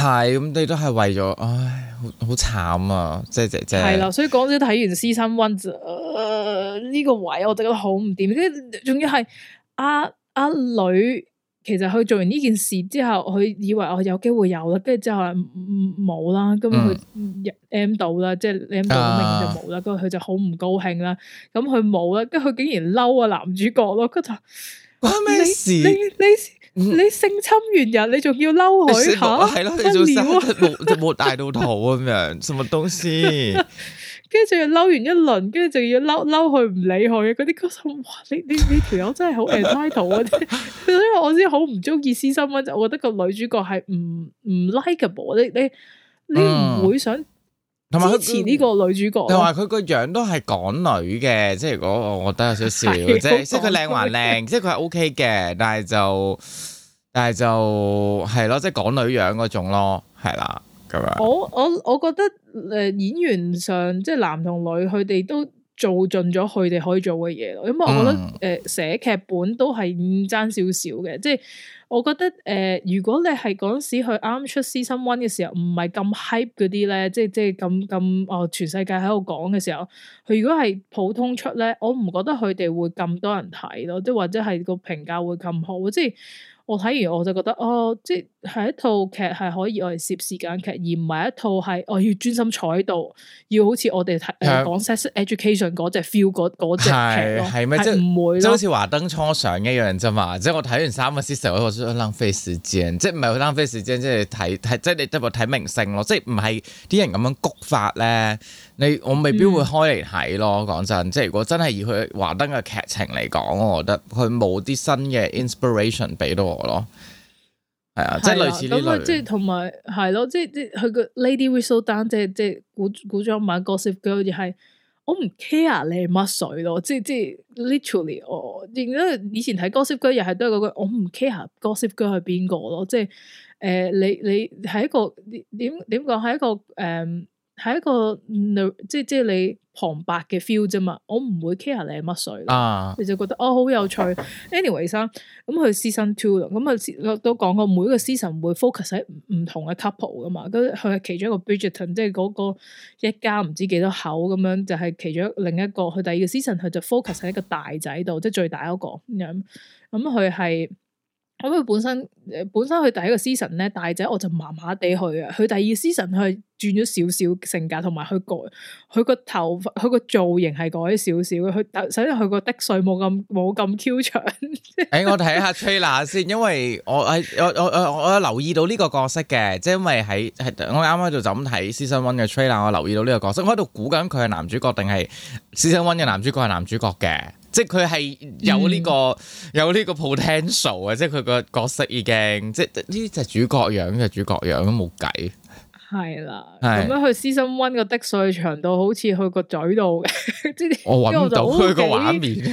S1: 係咁，你都係為咗，唉，好好慘啊！即係姐姐。係啦，
S2: 所以講真，睇完《season one》呢、呃這個位我，我就覺得好唔掂。跟住仲要係阿阿女，其實佢做完呢件事之後，佢以為我有機會有啦，跟住之後唔冇啦，咁佢 M 到啦，即係 M 到乜就冇啦，跟住佢就好唔高興啦。咁佢冇啦，跟住佢竟然嬲啊男主角咯，佢就關咩事？你你。 你你性侵完人，你仲要嬲佢下？係咯，你仲
S1: 要就冇大到肚咁樣，什麼東西？跟
S2: 住仲要嬲完一輪，跟住仲要嬲嬲佢唔理佢嘅嗰啲，哇！你你你條友真係好 entitled 啊！所以我先好唔中意私心溫，就我覺得個女主角係唔唔 likeable，你你你唔會想。同埋佢似呢個女主
S1: 角，同埋佢個樣都係港女嘅，即係如果我覺得有少少，即係即係佢靚還靚，即係佢係 OK 嘅，但係就但係就係咯，即係港女樣嗰種咯，係啦咁樣。
S2: 我我我覺得誒，演員上即係、就是、男同女，佢哋都。做盡咗佢哋可以做嘅嘢咯，因為我覺得誒寫、嗯呃、劇本都係唔爭少少嘅，即係我覺得誒、呃，如果你係嗰時佢啱出 season one 嘅時候，唔係咁 hype 嗰啲咧，即係即係咁咁哦，全世界喺度講嘅時候，佢如果係普通出咧，我唔覺得佢哋會咁多人睇咯，即係或者係個評價會咁好，即係。我睇完我就覺得哦，即係一套劇係可以我哋攝時間嘅劇，而唔係一套係我要專心坐喺度，要好似我哋講 sex education 嗰隻 feel 嗰嗰隻劇係咪即係唔會即係好似
S1: 華燈初上一樣啫嘛？即係我睇完三個 season，我覺得浪費時間，即係唔係好浪費時間，即係睇係即係你得部睇明星咯，即係唔係啲人咁樣谷法咧。你我未必會開嚟睇咯，講真，即係如果真係以佢華燈嘅劇情嚟講，我覺得佢冇啲新嘅 inspiration 俾到我咯。係啊，即係類似咁類，即係
S2: 同埋係咯，即係即係佢個 Lady Whistledown 即係即係古古裝版 Gossip Girl 又係，我唔 care 你係乜水咯，即係即係 literally 我，因為以前睇 Gossip Girl 又係都係嗰句，我唔 care Gossip Girl 係邊個咯，即係誒、呃、你你係一個點點講係一個誒。嗯係一個即即你旁白嘅 feel 啫嘛，我唔會 care 你係乜水，啊、你就覺得哦好有趣。Anyway 生咁佢 season two 啦、嗯，咁啊都講過每一個 season 會 focus 喺唔同嘅 couple 噶嘛，佢係其中一個 Bridgerton 即係嗰個一家唔知幾多口咁樣，就係、是、其中另一個佢第二個 season 佢就 focus 喺一個大仔度，即係最大嗰個咁樣，咁佢係。嗯咁佢本身，本身佢第一個 season 咧，大仔我就麻麻地去啊。佢第二 season 佢轉咗少少性格，同埋佢改，佢個頭髮，佢個造型係改咗少少。佢首先佢個的水冇咁冇咁 Q 長。
S1: 誒、 欸，我睇下 trailer 先，因為我喺我我我我有留意到呢個角色嘅，即係因為喺喺我啱啱喺就咁睇 season one 嘅 trailer，我留意到呢個角色，我喺度估緊佢係男主角定係 season one 嘅男主角係男主角嘅。即係佢係有呢、這個、嗯、有呢個 potential 啊！即係佢個角色已經即係呢隻主角樣嘅主角樣都冇計。
S2: 係啦，咁樣去 season one 個的水長度， 好似去個嘴度嘅。我搵唔到佢個畫面，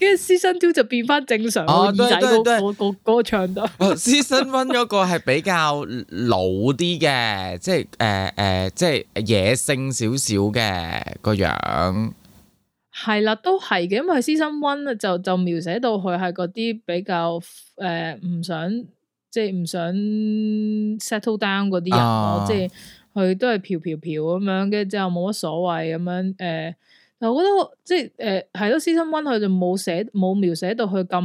S2: 跟住 season two 就變翻正常耳仔嗰嗰個長度。Season
S1: one 嗰個係比較老啲嘅，即係誒誒，即、uh, 係、uh, 野性少少嘅個樣。
S2: 係啦，都係嘅，因為《私心 One》就就描寫到佢係嗰啲比較誒唔、呃、想即係唔想 settle down 啲人咯，啊、即係佢都係飄飄飄咁樣，嘅，之後就冇乜所謂咁樣誒。我覺得即係誒係咯，呃《私心 One》佢就冇寫冇描寫到佢咁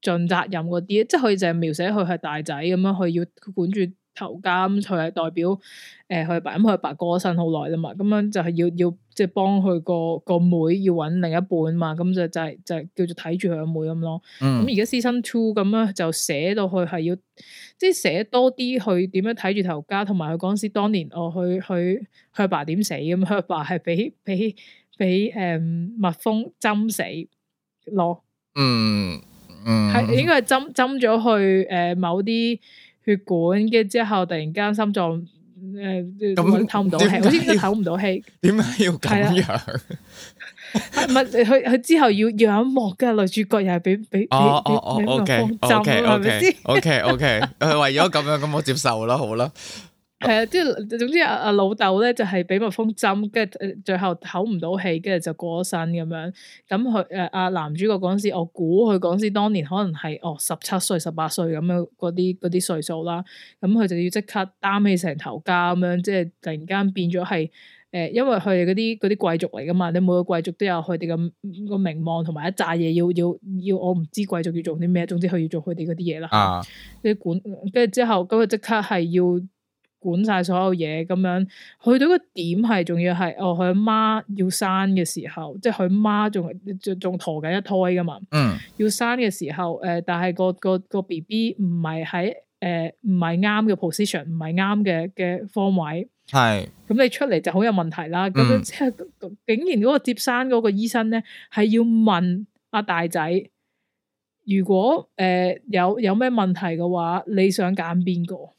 S2: 盡責任嗰啲，即係佢就係描寫佢係大仔咁樣，佢要管住。頭家，咁佢係代表，誒、呃、佢爸，咁佢爸過咗身好耐啦嘛，咁樣就係要要即係幫佢個個妹要揾另一半嘛，咁就是、就係就係叫做睇住佢阿妹咁咯。咁而家 Season Two 咁啊就寫到佢係要即係寫多啲佢點樣睇住頭家，同埋佢嗰時當年我去去佢阿爸點死咁，佢爸係俾俾俾誒蜜蜂針死咯。嗯嗯，
S3: 係、嗯、應該
S2: 係針針咗去誒、呃、某啲。血管，嘅，之後突然間心臟誒，根本透唔到氣，好似應該透唔到氣。點解
S1: 要咁樣？
S2: 唔係佢佢之後要要仰慕嘅女主角又係俾俾俾俾人浸，係咪先
S1: ？OK OK，佢如果咁樣，咁我接受啦，好啦。
S2: 係、嗯、啊，即係總之阿阿老豆咧就係、是、俾蜜蜂針，跟住最後唞唔到氣，跟住就過咗身咁樣。咁佢誒阿男主角嗰陣時，我估佢嗰陣時當年可能係哦十七歲、十八歲咁樣嗰啲嗰啲歲數啦。咁、嗯、佢就要即刻擔起成頭家咁樣，即係突然間變咗係誒，因為佢哋嗰啲嗰啲貴族嚟噶嘛，你每個貴族都有佢哋咁個名望同埋一紮嘢要要要，要要要我唔知貴族要做啲咩，總之佢要做佢哋嗰啲嘢啦。啲管跟住之後咁佢即刻係要，是要。管晒所有嘢咁樣，去到個點係仲要係哦，佢阿媽要生嘅時候，即係佢媽仲仲仲陀緊一胎㗎嘛，嗯，要生嘅時候，誒、呃，但係個個個 BB 唔係喺誒唔係啱嘅 position，唔係啱嘅嘅方位，
S3: 係，
S2: 咁你出嚟就好有問題啦。咁樣、嗯、即係竟然嗰個接生嗰個醫生咧，係要問阿大仔，如果誒、呃、有有咩問題嘅話，你想揀邊個？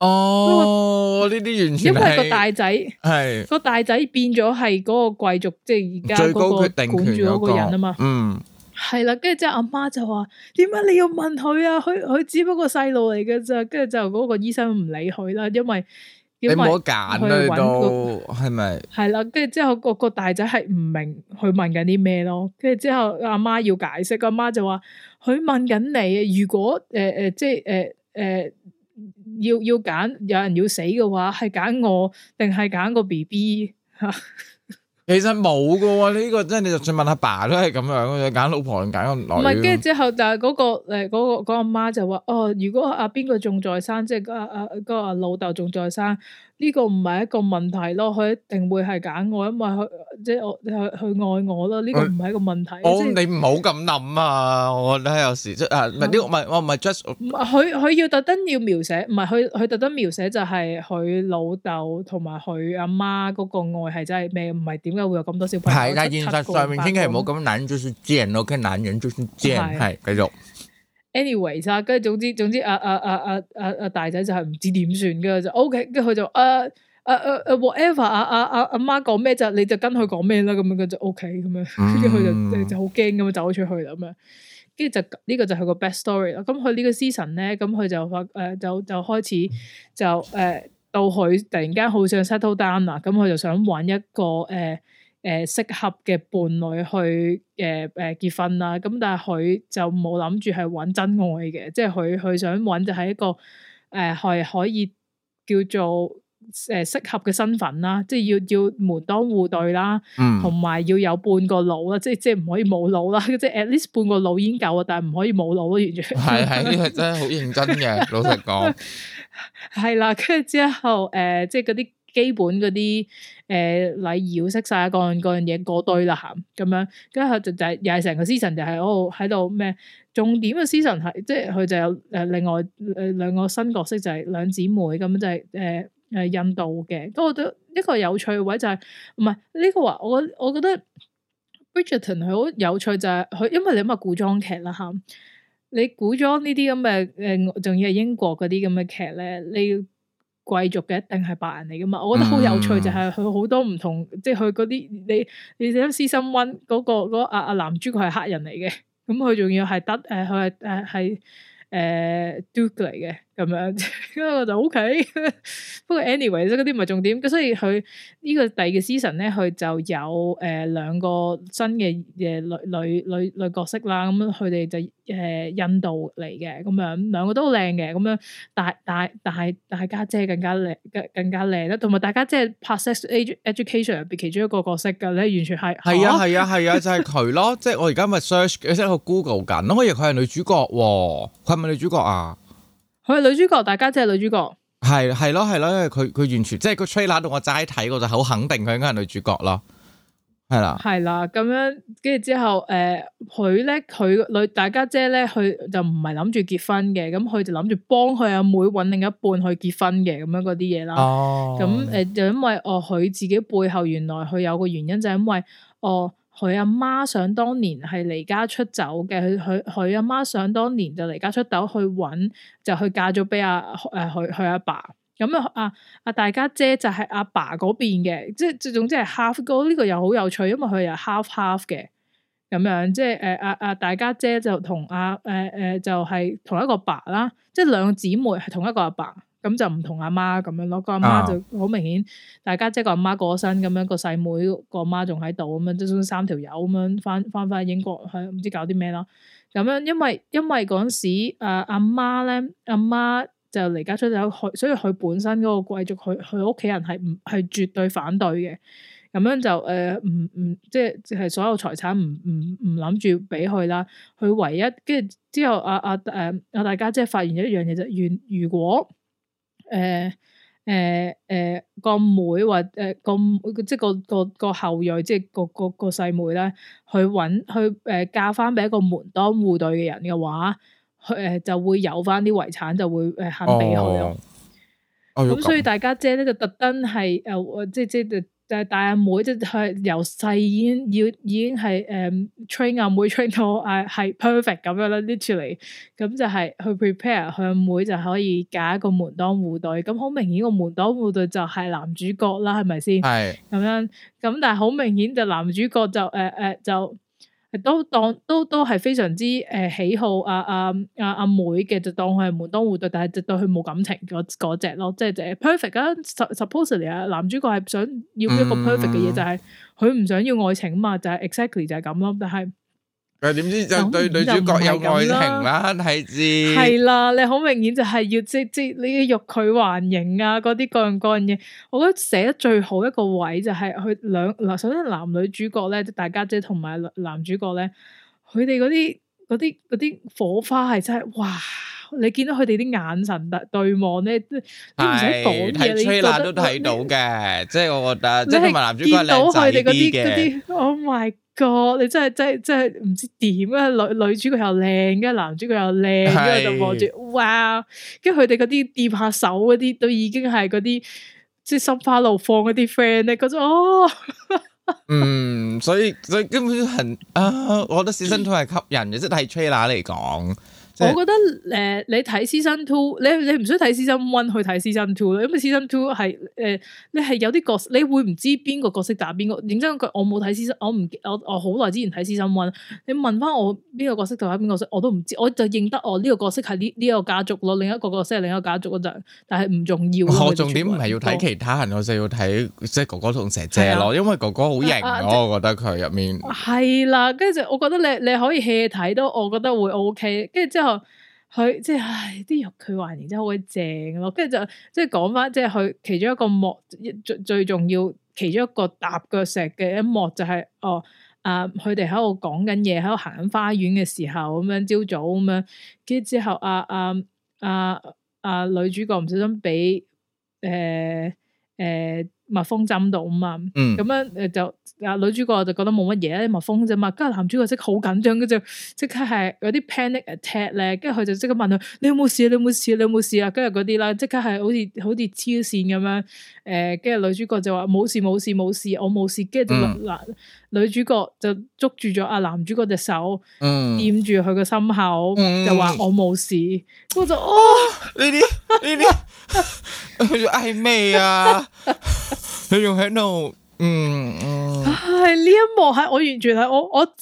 S2: 哦，
S1: 呢啲完全因為個大仔係
S2: 個是大仔變咗係嗰個貴族，即係而家最高決定權嗰、嗰個人啊嘛。嗯，係啦，跟住之後阿媽就話：點解你要問佢啊？佢佢只不過細路嚟嘅咋？跟住就嗰個醫生唔理佢啦，因為因為你冇得揀去到係咪？係啦，跟住之後、嗰個個大仔係唔明佢問緊啲咩咯？跟住之後阿媽要解釋，阿媽就話：佢問緊你，如果誒誒、呃呃，即係誒誒。呃呃要要揀，有人要死嘅話，係揀我定係揀個 B B 吓？
S1: 其實冇㗎喎，呢、這個真係你就算問阿爸，爸都係咁樣，揀老婆定揀唔係？跟住之
S2: 後，但係、那、嗰個誒，嗰、那個阿媽、那個、就話哦，如果阿邊個仲在生，即係阿阿個阿老豆仲在生。呢個唔係一個問題咯，佢一定會係揀我，因為佢即係我，佢佢愛我咯。呢個唔係一個問題。我你唔
S1: 好咁諗啊！我覺得有時即啊，唔係呢個，唔係我唔係 just。佢
S2: 佢要特登要描寫，唔係佢佢特登描寫就係佢老豆同埋佢阿媽嗰個愛係真係咩？唔係點解會有咁多小朋友？係，但現實上面千祈唔
S1: 好咁諗，就算啲人咯，佢諗緊就算啲人係繼續。
S2: anyway，跟住總之總之，阿阿阿阿阿阿大仔就係唔知點算嘅就，OK，跟住佢就，誒誒誒誒 whatever，阿阿阿阿媽講咩就你就跟佢講咩啦，咁樣嘅就 OK 咁樣，跟住佢就、嗯、 就好驚咁樣走出去啦咁樣，跟住就呢、這個就係個 b e s t story 啦，咁佢呢個 C 神咧，咁、呃、佢就發，誒就就開始就誒、呃、到佢突然間好想 settle down 啦，咁佢就想玩一個誒。呃誒，適、呃、合嘅伴侶去誒誒、呃呃、結婚啦，咁但係佢就冇諗住係揾真愛嘅，即係佢佢想揾就係一個誒係、呃呃、可以叫做誒、呃、適合嘅身份啦，即係要要門當戶對啦，同埋要有半個腦啦，即係即係唔可以冇腦啦，即、就、係、是、at least 半個腦已經夠啦，但係唔可以冇腦咯，完全係係呢個真係
S1: 好認真嘅， 老實講
S2: 係啦，跟住之後誒，即係嗰啲。 后 基本嗰啲誒禮儀識晒，各樣各樣嘢過堆啦嚇，咁樣，跟住就就係又係成個 season 就係度，喺度咩重點嘅 season 係即係佢就有誒另外誒兩個新角色就係兩姊妹咁就係誒誒印度嘅，咁我都一個有趣嘅位就係唔係呢個話、啊、我我覺得 Bridgerton 佢好有趣就係、是、佢因為你諗下古裝劇啦嚇、啊，你古裝呢啲咁嘅誒仲要係英國嗰啲咁嘅劇咧，你。貴族嘅一定係白人嚟噶嘛？我覺得好有趣就係佢好多唔同，嗯、即係佢嗰啲你你想 season one 嗰，那個嗰阿阿男主角係黑人嚟嘅，咁佢仲要係得誒佢係誒係誒 Duke 嚟嘅。咁樣，嗰我就 OK。不過 anyway，即嗰啲唔係重點。咁所以佢呢個第二個 season 咧，佢就有誒兩個新嘅嘢女女女女角色啦。咁佢哋就誒印度嚟嘅咁樣，兩個都好靚嘅。咁樣，但係但大家姐更加靚，更加靚啦。同埋大家即係拍 Sex Education 入邊其中一個角色嘅咧，完全係係 啊係啊係啊，
S1: 就係、是、佢咯。 即係我而家咪 search 即係個 Google 緊，我以為佢係女主角喎，佢係咪女主角啊？
S2: 係女主角，大家姐女主角，
S1: 係係咯，係咯，佢佢完全即係個吹 r 到我齋睇，我就好肯定佢應該係女主角咯，係啦
S2: 係啦，咁樣跟住之後，誒佢咧佢女大家姐咧，佢就唔係諗住結婚嘅，咁佢就諗住幫佢阿妹揾另一半去結婚嘅，咁樣嗰啲嘢啦，咁誒、哦呃、就因為哦，佢、呃、自己背後原來佢有個原因就係、是、因為哦。呃佢阿媽想當年係離家出走嘅，佢佢佢阿媽想當年就離家出走去揾，就去嫁咗俾阿誒佢佢阿爸。咁啊啊啊！大家姐就係阿爸嗰邊嘅，即係總之係 half girl，呢個又好有趣，因為佢又 half half 嘅咁樣，即係誒阿阿大家姐就同阿誒誒就係、是、同一個爸啦，即係兩姊妹係同一個阿爸，爸。咁就唔同阿媽咁樣咯。個阿媽就好明顯，啊、大家姐個阿媽過身咁樣，個細妹，妹個阿媽仲喺度咁樣，即係三條友咁樣翻翻翻英國，係、嗯、唔知搞啲咩咯。咁樣因為因為嗰陣時，阿媽咧，阿媽就離家出走，所以佢本身嗰個貴族，佢佢屋企人係唔係絕對反對嘅。咁樣就誒唔唔即係係所有財產唔唔唔諗住俾佢啦。佢唯一跟住之後，阿阿誒阿大家姐發現一樣嘢就，如果。誒誒誒個妹或誒、呃、個即係個個個後裔，即係個個個細妹咧，去揾去誒嫁翻俾一個門當戶對嘅人嘅話，佢誒、呃、就會有翻啲遺產，就會誒肯俾佢用。
S3: 咁、哦哦、所以大
S2: 家姐咧就特登係誒即即。即呃就係大阿妹，即係由細已經要已經係誒、嗯、train 阿妹 train 到誒係、啊、perfect 咁樣啦，literally 咁就係去 prepare 佢阿妹，妹就可以揀一個門當戶對。咁好明顯個門當戶對就係男主角啦，係咪先？係咁是樣。咁但係好明顯就男主角就誒誒、呃呃、就。都當都都係非常之誒喜好阿阿阿阿妹嘅，就當佢係門當戶對，但係直到佢冇感情嗰嗰隻咯，即係就 perfect 啊！supposedly 啊，男主角係想要一個 perfect 嘅嘢，就係佢唔想要愛情啊嘛，就係 exactly 就係咁咯，但係。
S1: 誒，點知就對女主角有愛情啦？係知係
S2: 啦，你好明顯就係要即即你要欲拒還迎啊，嗰啲各樣各樣嘢。我覺得寫得最好一個位就係佢兩嗱，首先男女主角咧，大家姐同埋男主角咧，佢哋嗰啲嗰啲嗰啲火花係真係哇！你見到佢哋啲眼神對望咧，都唔使講嘢，係睇 trailer 都睇
S1: 到嘅，即係我覺得，你是 即係同埋男主角咧，就係啲嗰啲
S2: ，Oh my God！你真係真真係唔知點啊，女女主角又靚，嘅，男主角又靚，跟住就望住，哇！跟住佢哋嗰啲掂下手嗰啲，都已經係嗰啲即係心花怒放嗰啲 friend 咧，嗰種哦，oh、 嗯，所以
S1: 所以，所以根本就係啊，我覺得小心胎係吸引嘅，即係睇 trailer 嚟講。 啊我
S2: 覺得誒、呃，你睇 season two，你你唔需要睇 season one 去睇 season two 咯，因為 2season two 係誒，你係有啲角色，你會唔知邊個角色打邊個。認真講，我冇睇 season，我唔我我好耐之前睇 season one，你問翻我邊個角色就係邊個角色，我都唔知，我就認得我呢、這個角色係呢呢個家族咯，另一個角色係另一個家族，就但係唔重要、啊。我重點唔係要睇其
S1: 他，人，哦、我要就要睇即係哥哥同姐姐咯，的因為哥哥好型咯，啊呃、我覺得佢入面
S2: 係啦。跟住我覺得你你可以 hea 睇都，我覺得會 ok。跟住之後。佢即係啲肉，佢、 嗯、話然真後好正咯，跟住就即係講翻，即係佢其中一個幕最最重要，其中一個踏腳石嘅一幕就係哦啊，佢哋喺度講緊嘢，喺度行花園嘅時候咁樣，朝早咁樣，跟住之後阿阿阿阿女主角唔小心俾誒誒。呃呃蜜蜂針到啊嘛，咁、嗯、樣誒就啊女主角就覺得冇乜嘢咧，蜜蜂啫嘛。跟住男主角即係好緊張跟就即刻係有啲 panic attack 咧，跟住佢就即刻問佢你有冇事？你有冇事？你有冇事啊？跟住嗰啲啦，即刻係好似好似黐線咁樣誒。跟、呃、住女主角就話冇事冇事冇事，我冇事。跟住嗱女主角就捉住咗阿男主角隻手，掂、嗯、住佢個心口，嗯、就話我冇事。我就哦
S1: 呢啲呢啲，佢就嗌咩啊。佢用喺度，嗯，
S2: 係、嗯、呢一幕喺我完全喺我我呢呢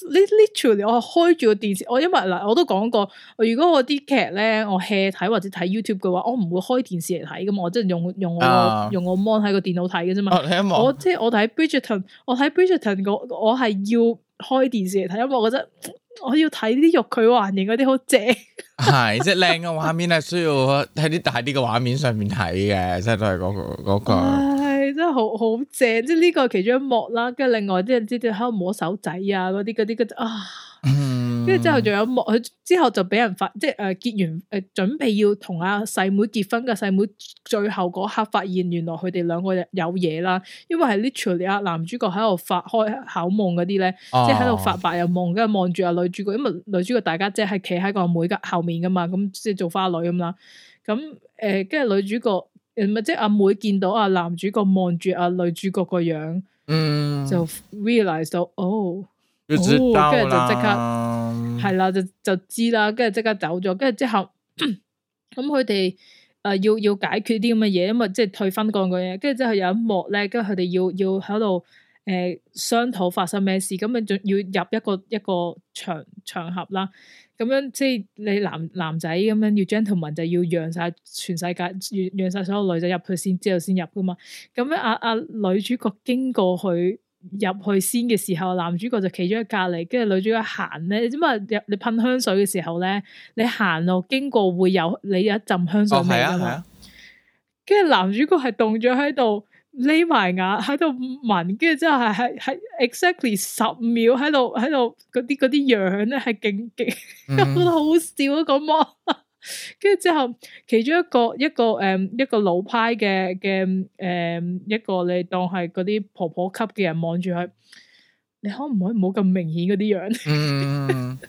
S2: 條，我，我，literally, 我開住個電視。我因為嗱，我都講過，如果我啲劇咧我 hea 睇或者睇 YouTube 嘅話，我唔會開電視嚟睇噶嘛。我即係用用我、啊、用我 mon 喺個電腦睇嘅啫嘛。我即係我睇 Bridgerton，我睇 Bridgerton 個我係要開電視嚟睇，因為我覺得我要睇啲肉劇幻影嗰啲好正。
S1: 係 即係靚嘅畫面係需要喺啲大啲嘅畫面上面睇嘅，即係都係嗰個嗰個。那個啊
S2: 真係好好正，即係呢個其中一幕啦。跟住另外啲人啲啲喺度摸手仔啊，嗰啲啲啊。跟住之後仲有幕，佢之後就俾人發，即係誒、呃、結完誒、呃，準備要同阿細妹結婚嘅細妹，妹，最後嗰刻發現原來佢哋兩個有嘢啦。因為係 literally 男主角喺度發開口夢嗰啲咧，哦、即係喺度發白日夢，跟住望住阿女主角，因為女主角大家姐係企喺個妹嘅後面噶嘛，咁即係做花女咁啦。咁誒，跟、呃、住女主角。唔係，即係阿妹見到阿男主角望住阿女主角個樣，就 realize 到哦，跟住就即刻係啦，就就知啦，跟住即刻走咗，跟住之後咁佢哋誒要要解決啲咁嘅嘢，因為即係退婚嗰個嘢，跟住之後有一幕咧，跟住佢哋要要喺度誒商討發生咩事，咁咪仲要入一個一個場場合啦。咁樣即係你男男仔咁樣要 gentleman 就要讓晒全世界，讓晒所有女仔入去先，之後先入噶嘛？咁樣阿阿、啊啊、女主角經過佢入去先嘅時候，男主角就企咗喺隔離，跟住女主角行咧，你知唔知啊，你噴香水嘅時候咧，你行路經過會有你有一浸香水味啊嘛。
S3: 跟
S2: 住、哦啊啊、男主角係凍咗喺度。匿埋眼喺度聞，跟住之後係係係 exactly 十秒，喺度喺度嗰啲嗰啲樣咧，係勁勁，覺得好笑啊。咁跟住之後，其中一個一個誒、呃、一個老派嘅嘅誒一個你當係嗰啲婆婆級嘅人望住佢，你可唔可以冇咁明顯嗰啲樣？嗯嗯嗯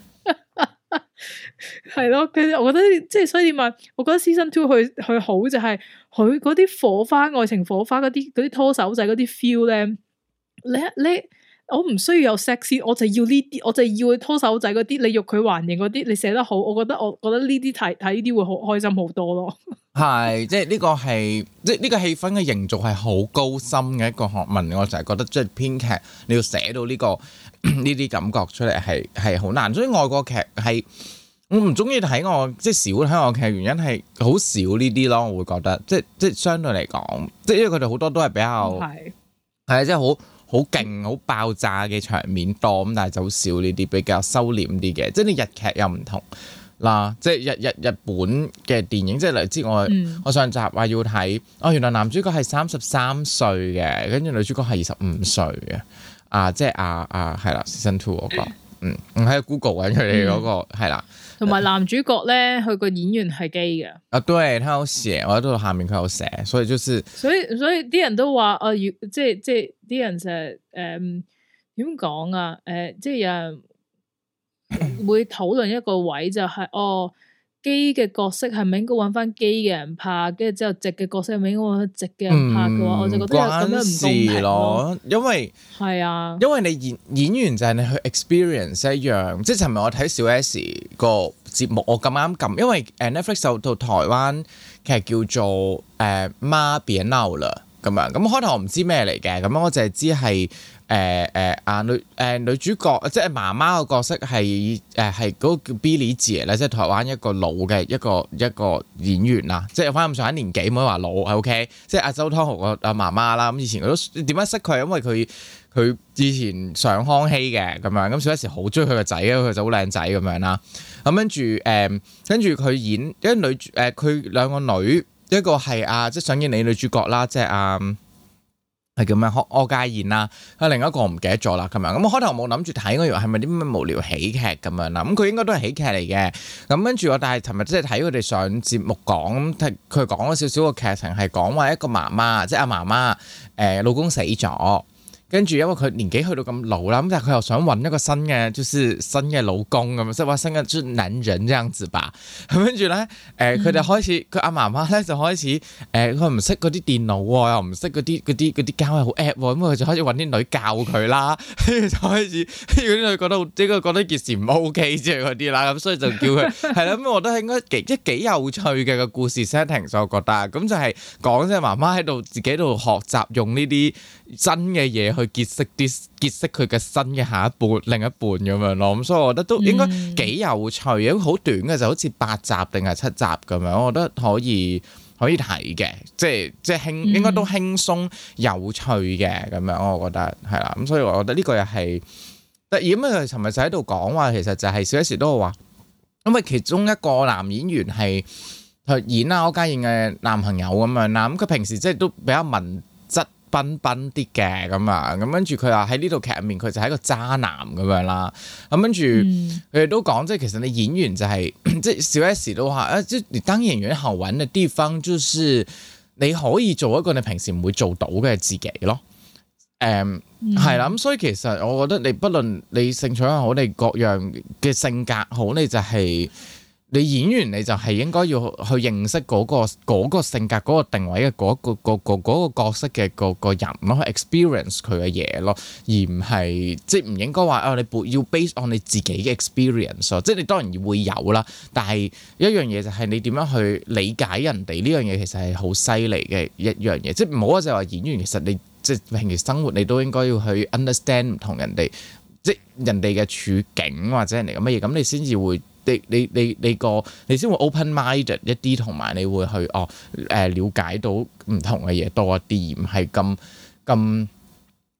S2: 係咯，其實我覺得即係所以點啊？我覺得《season two》佢佢好就係佢嗰啲火花、愛情火花、嗰啲啲拖手仔、嗰啲 feel 咧，你你我唔需要有 sex 先，我就要呢啲，我就要佢拖手仔嗰啲，你欲佢環形嗰啲，你寫得好，我覺得我覺得呢啲睇睇呢啲會好開心好多咯。
S1: 係， 即係呢個係即係呢個氣氛嘅營造係好高深嘅一個學問。我就係覺得即係編劇你要寫到呢、呢個呢啲 感覺出嚟，係係好難。所以外國劇係。我唔中意睇我即係少睇我劇，原因係好少呢啲咯，我會覺得即係即係相對嚟講，即係因為佢哋好多都係比較係係是即係好好勁好爆炸嘅場面多咁，但係就好少呢啲比較收斂啲嘅。即係啲日劇又唔同啦，即係日日日本嘅電影，即係例如之外，嗯、我上集話要睇，哦原來男主角係三十三歲嘅，跟住女主角係二十五歲嘅，啊即係啊啊係啦，Season Two 嗰、那個， 嗯我喺 Google 揾佢哋嗰、那個係啦。嗯
S2: 同埋男主角咧，佢個演員係基嘅。
S1: 啊，對他有寫，我喺度下面佢有蛇，所以就是。
S2: 所以所以啲人都話，呃即即人呃、啊，即係即係啲人成日，誒，點講啊？誒，即係有人會討論一個位、就是，就係 哦。基嘅角色係咪應該揾翻基嘅人拍，跟住之後直嘅角色係咪應該揾直嘅人拍嘅話，嗯、我就覺得有咁樣唔公
S1: 平咯。因為係啊，因為你演演員就係你去 experience 一樣，即係尋日我睇小 S 個節目，我咁啱撳，因為誒 Netflix 有套台灣劇叫做誒、呃《媽別鬧》啦，咁樣咁開頭我唔知咩嚟嘅，咁我淨係知係。誒誒啊女誒、呃、女主角即係媽媽個角色係誒係嗰個叫 Billy 姐啦，即係台灣一個老嘅一個一個演員啦，即係翻咁上下年紀，唔可以話老，係 OK。即係阿周湯豪個阿媽媽啦，咁以前佢都點樣識佢係因為佢佢之前上康熙嘅咁樣，咁小一時好中意佢個仔，因為佢就好靚仔咁樣啦。咁跟住誒，跟住佢、嗯、演，因為女誒佢、呃、兩個女一個係啊，即係想見你女主角啦，即係啊。嗯係叫咩？《柯家燕》啦，啊，另一個我唔記得咗啦，咁樣咁開頭冇諗住睇我以為，係咪啲咩無聊喜劇咁樣啦？咁佢應該都係喜劇嚟嘅。咁跟住我，但係尋日即係睇佢哋上節目講，佢講咗少少個劇情，係講話一個媽媽，即係阿媽媽，誒，老公死咗。跟住，因為佢年紀去到咁老啦，咁但係佢又想揾一個新嘅，就是新嘅老公咁，即係話新嘅男人，咁樣子吧。咁跟住咧，誒佢哋開始，佢阿媽媽咧就開始，誒佢唔識嗰啲電腦喎、哦，又唔識嗰啲嗰啲嗰啲交友 app 喎、哦，咁佢就開始揾啲女教佢啦。跟住就開始，跟住嗰啲女覺得應該覺得件事唔 OK 啫嗰啲啦，咁所以就叫佢係啦。咁 我，這個、我覺得應該幾即係幾有趣嘅個故事 setting，所以我覺得咁就係講即係媽媽喺度自己度學習用呢啲真嘅嘢。去結識啲結識佢嘅新嘅下一半另一半咁樣咯，咁所以我覺得都應該幾有趣，mm. 短好短嘅就好似八集定係七集咁樣，我覺得可以可以睇嘅，即係即係輕應該都輕鬆、mm. 有趣嘅咁樣，我覺得係啦。咁所以我覺得呢個又係得意，因為佢尋日就喺度講話，其實就係小 S 都話，因為其中一個男演員係演啊我家燕嘅男朋友咁樣啦，咁佢平時即係都比較文。奔奔啲嘅咁啊，咁跟住佢話喺呢套劇入面佢就係個渣男咁樣啦，咁跟住佢哋都講即係其實你演員就係即係小 S 都話啊，即係當演員好揾嘅地方就是你可以做一個你平時唔會做到嘅自己咯，誒係啦，咁所以其實我覺得你不論你性取向好，你各樣嘅性格好你就係、是。你演員你就係應該要去認識嗰、嗰個嗰個性格、嗰、嗰個定位嘅嗰、嗰個、嗰個、嗰個角色嘅個、嗰個人咯，去 experience 佢嘅嘢咯，而唔係即係唔應該話啊、哦！你要 base on 你自己嘅 experience，即係你當然會有啦。但係一樣嘢就係你點樣去理解人哋呢樣嘢，其實係好犀利嘅一樣嘢。即係唔好就係話演員，其實你即係平時生活你都應該要去 understand 同人哋，即人哋嘅處境或者係乜嘢咁，你先至會。你你你你個你先會 open minded 一啲，同埋你會去哦誒呃、瞭解到唔同嘅嘢多啲，唔係咁咁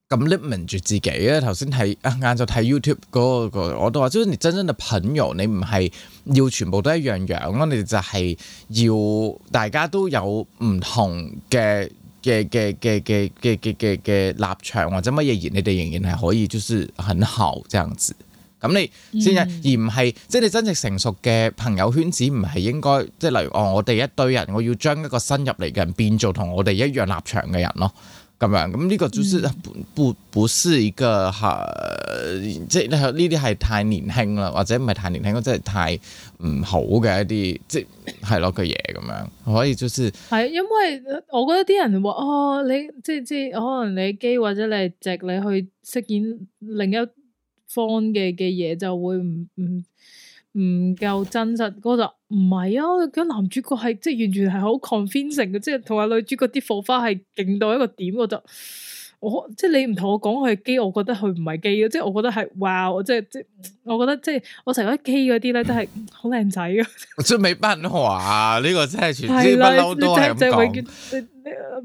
S1: 咁 limit 住自己啊！頭先係晏晝睇 YouTube 嗰、那個我都話即、就是、你真真嘅朋友，你唔係要全部都一樣樣咯，你哋就係要大家都有唔同嘅嘅嘅嘅嘅嘅嘅嘅嘅立場或者乜嘢，而你哋仍然係可以就是很好，這樣子。咁你先一，嗯、而唔係即係你真正成熟嘅朋友圈子，唔係應該即係例如哦，我哋一堆人，我要將一個新入嚟嘅人變做同我哋一樣立場嘅人咯，咁樣咁呢、這個就是不不不是一個係、啊、即係呢啲係太年輕啦，或者唔係太年輕，我真係太唔好嘅一啲即係係咯嘅嘢咁樣，可以就是
S2: 係因為我覺得啲人話哦，你即係即係可能你基或者你係直你去飾演另一方嘅嘅嘢就會唔唔唔夠真實，我就唔係啊，咁男主角係即係完全係好 convincing 嘅，即係同埋女主角啲火花係勁到一個點，我就我即係你唔同我講佢係基，我覺得佢唔係基咯，即係我覺得係哇，即係即我覺得即係我成日講基嗰啲咧，都係好靚仔啊。即
S1: 真係冇辦法，呢個真係全不嬲 啦都係咁講。你真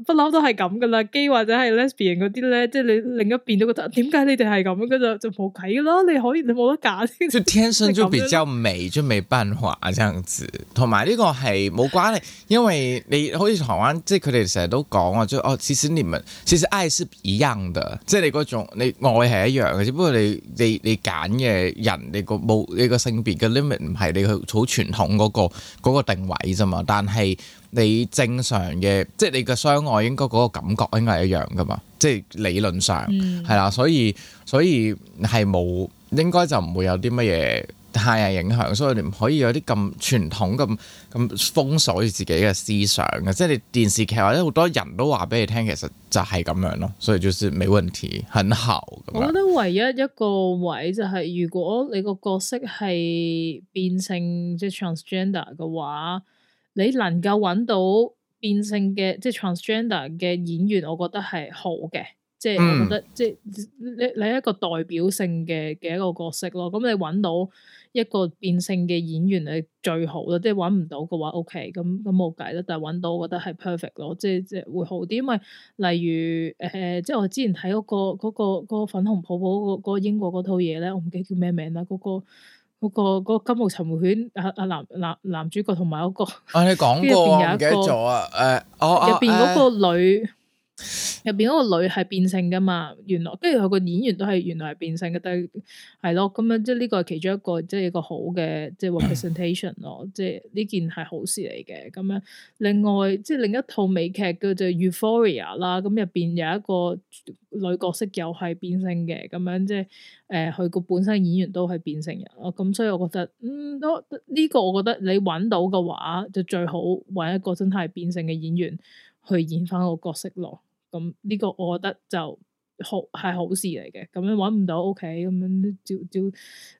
S2: 不嬲都係咁噶啦，基或者係 lesbian 嗰啲咧，即係你另一邊都覺得點解你哋係咁？跟住就冇計噶啦，你可以你冇得揀先。即係天生，即係比較
S1: 美，即係冇辦法啊，樣子。同埋呢個係冇關係，因為你好似台灣，即係佢哋成日都講話、哦，即係哦，其實你哋，其實愛是一樣的。即係你嗰種你愛係一樣嘅，只不過你你你揀嘅人，你個冇你個性別嘅 limit 唔係你去好傳統嗰個定位啫嘛。但係。你正常嘅，即係你嘅相愛應該嗰個感覺應該係一樣噶嘛，即係理論上係啦、嗯，所以所以係冇應該就唔會有啲乜嘢太大影響，所以你唔可以有啲咁傳統咁咁封鎖住自己嘅思想嘅，即係你電視劇或者好多人都話俾你聽，其實就係咁樣咯，所以就算，沒問題，很好。我
S2: 覺得唯一一個位就係、是、如果你個角色係變性，即、就、係、是、transgender 嘅話。你能夠揾到變性嘅即係、就是、transgender 嘅演員，我覺得係好嘅，即、就、係、是、我覺得、mm. 即係你你係一個代表性嘅嘅一個角色咯。咁你揾到一個變性嘅演員，係最好啦。即係揾唔到嘅話，OK，咁咁冇計啦。但係揾到，我覺得係 perfect 咯，即係即係會好啲。因為例如誒、呃，即係我之前睇嗰、那個嗰、那個那個、粉紅泡泡嗰、那個英國嗰套嘢咧，我唔記得叫咩名啦，嗰、那個。嗰個，嗰金毛尋回犬，阿、啊、阿、啊、男男男主角同埋嗰個，你講過，唔記得咗啊！
S1: 誒、哦，我入邊嗰個
S2: 女。啊啊入邊嗰個女係變性噶嘛？原來跟住佢個演員都係原來係變性嘅，但係係咯，咁、嗯、樣即係呢個係其中一個即係一個好嘅即係 representation 咯，即係呢件係好事嚟嘅。咁樣另外即係、就是、另一套美劇叫做 Euphoria 啦，咁入邊有一個女角色又係變性嘅，咁樣即係誒佢個本身演員都係變性人咁、嗯、所以我覺得嗯、呢、這個我覺得你揾到嘅話就最好揾一個真係變性嘅演員去演翻個角色咯。咁呢個我覺得就好係好事嚟嘅，咁樣搵唔到屋企，咁、okay, 樣照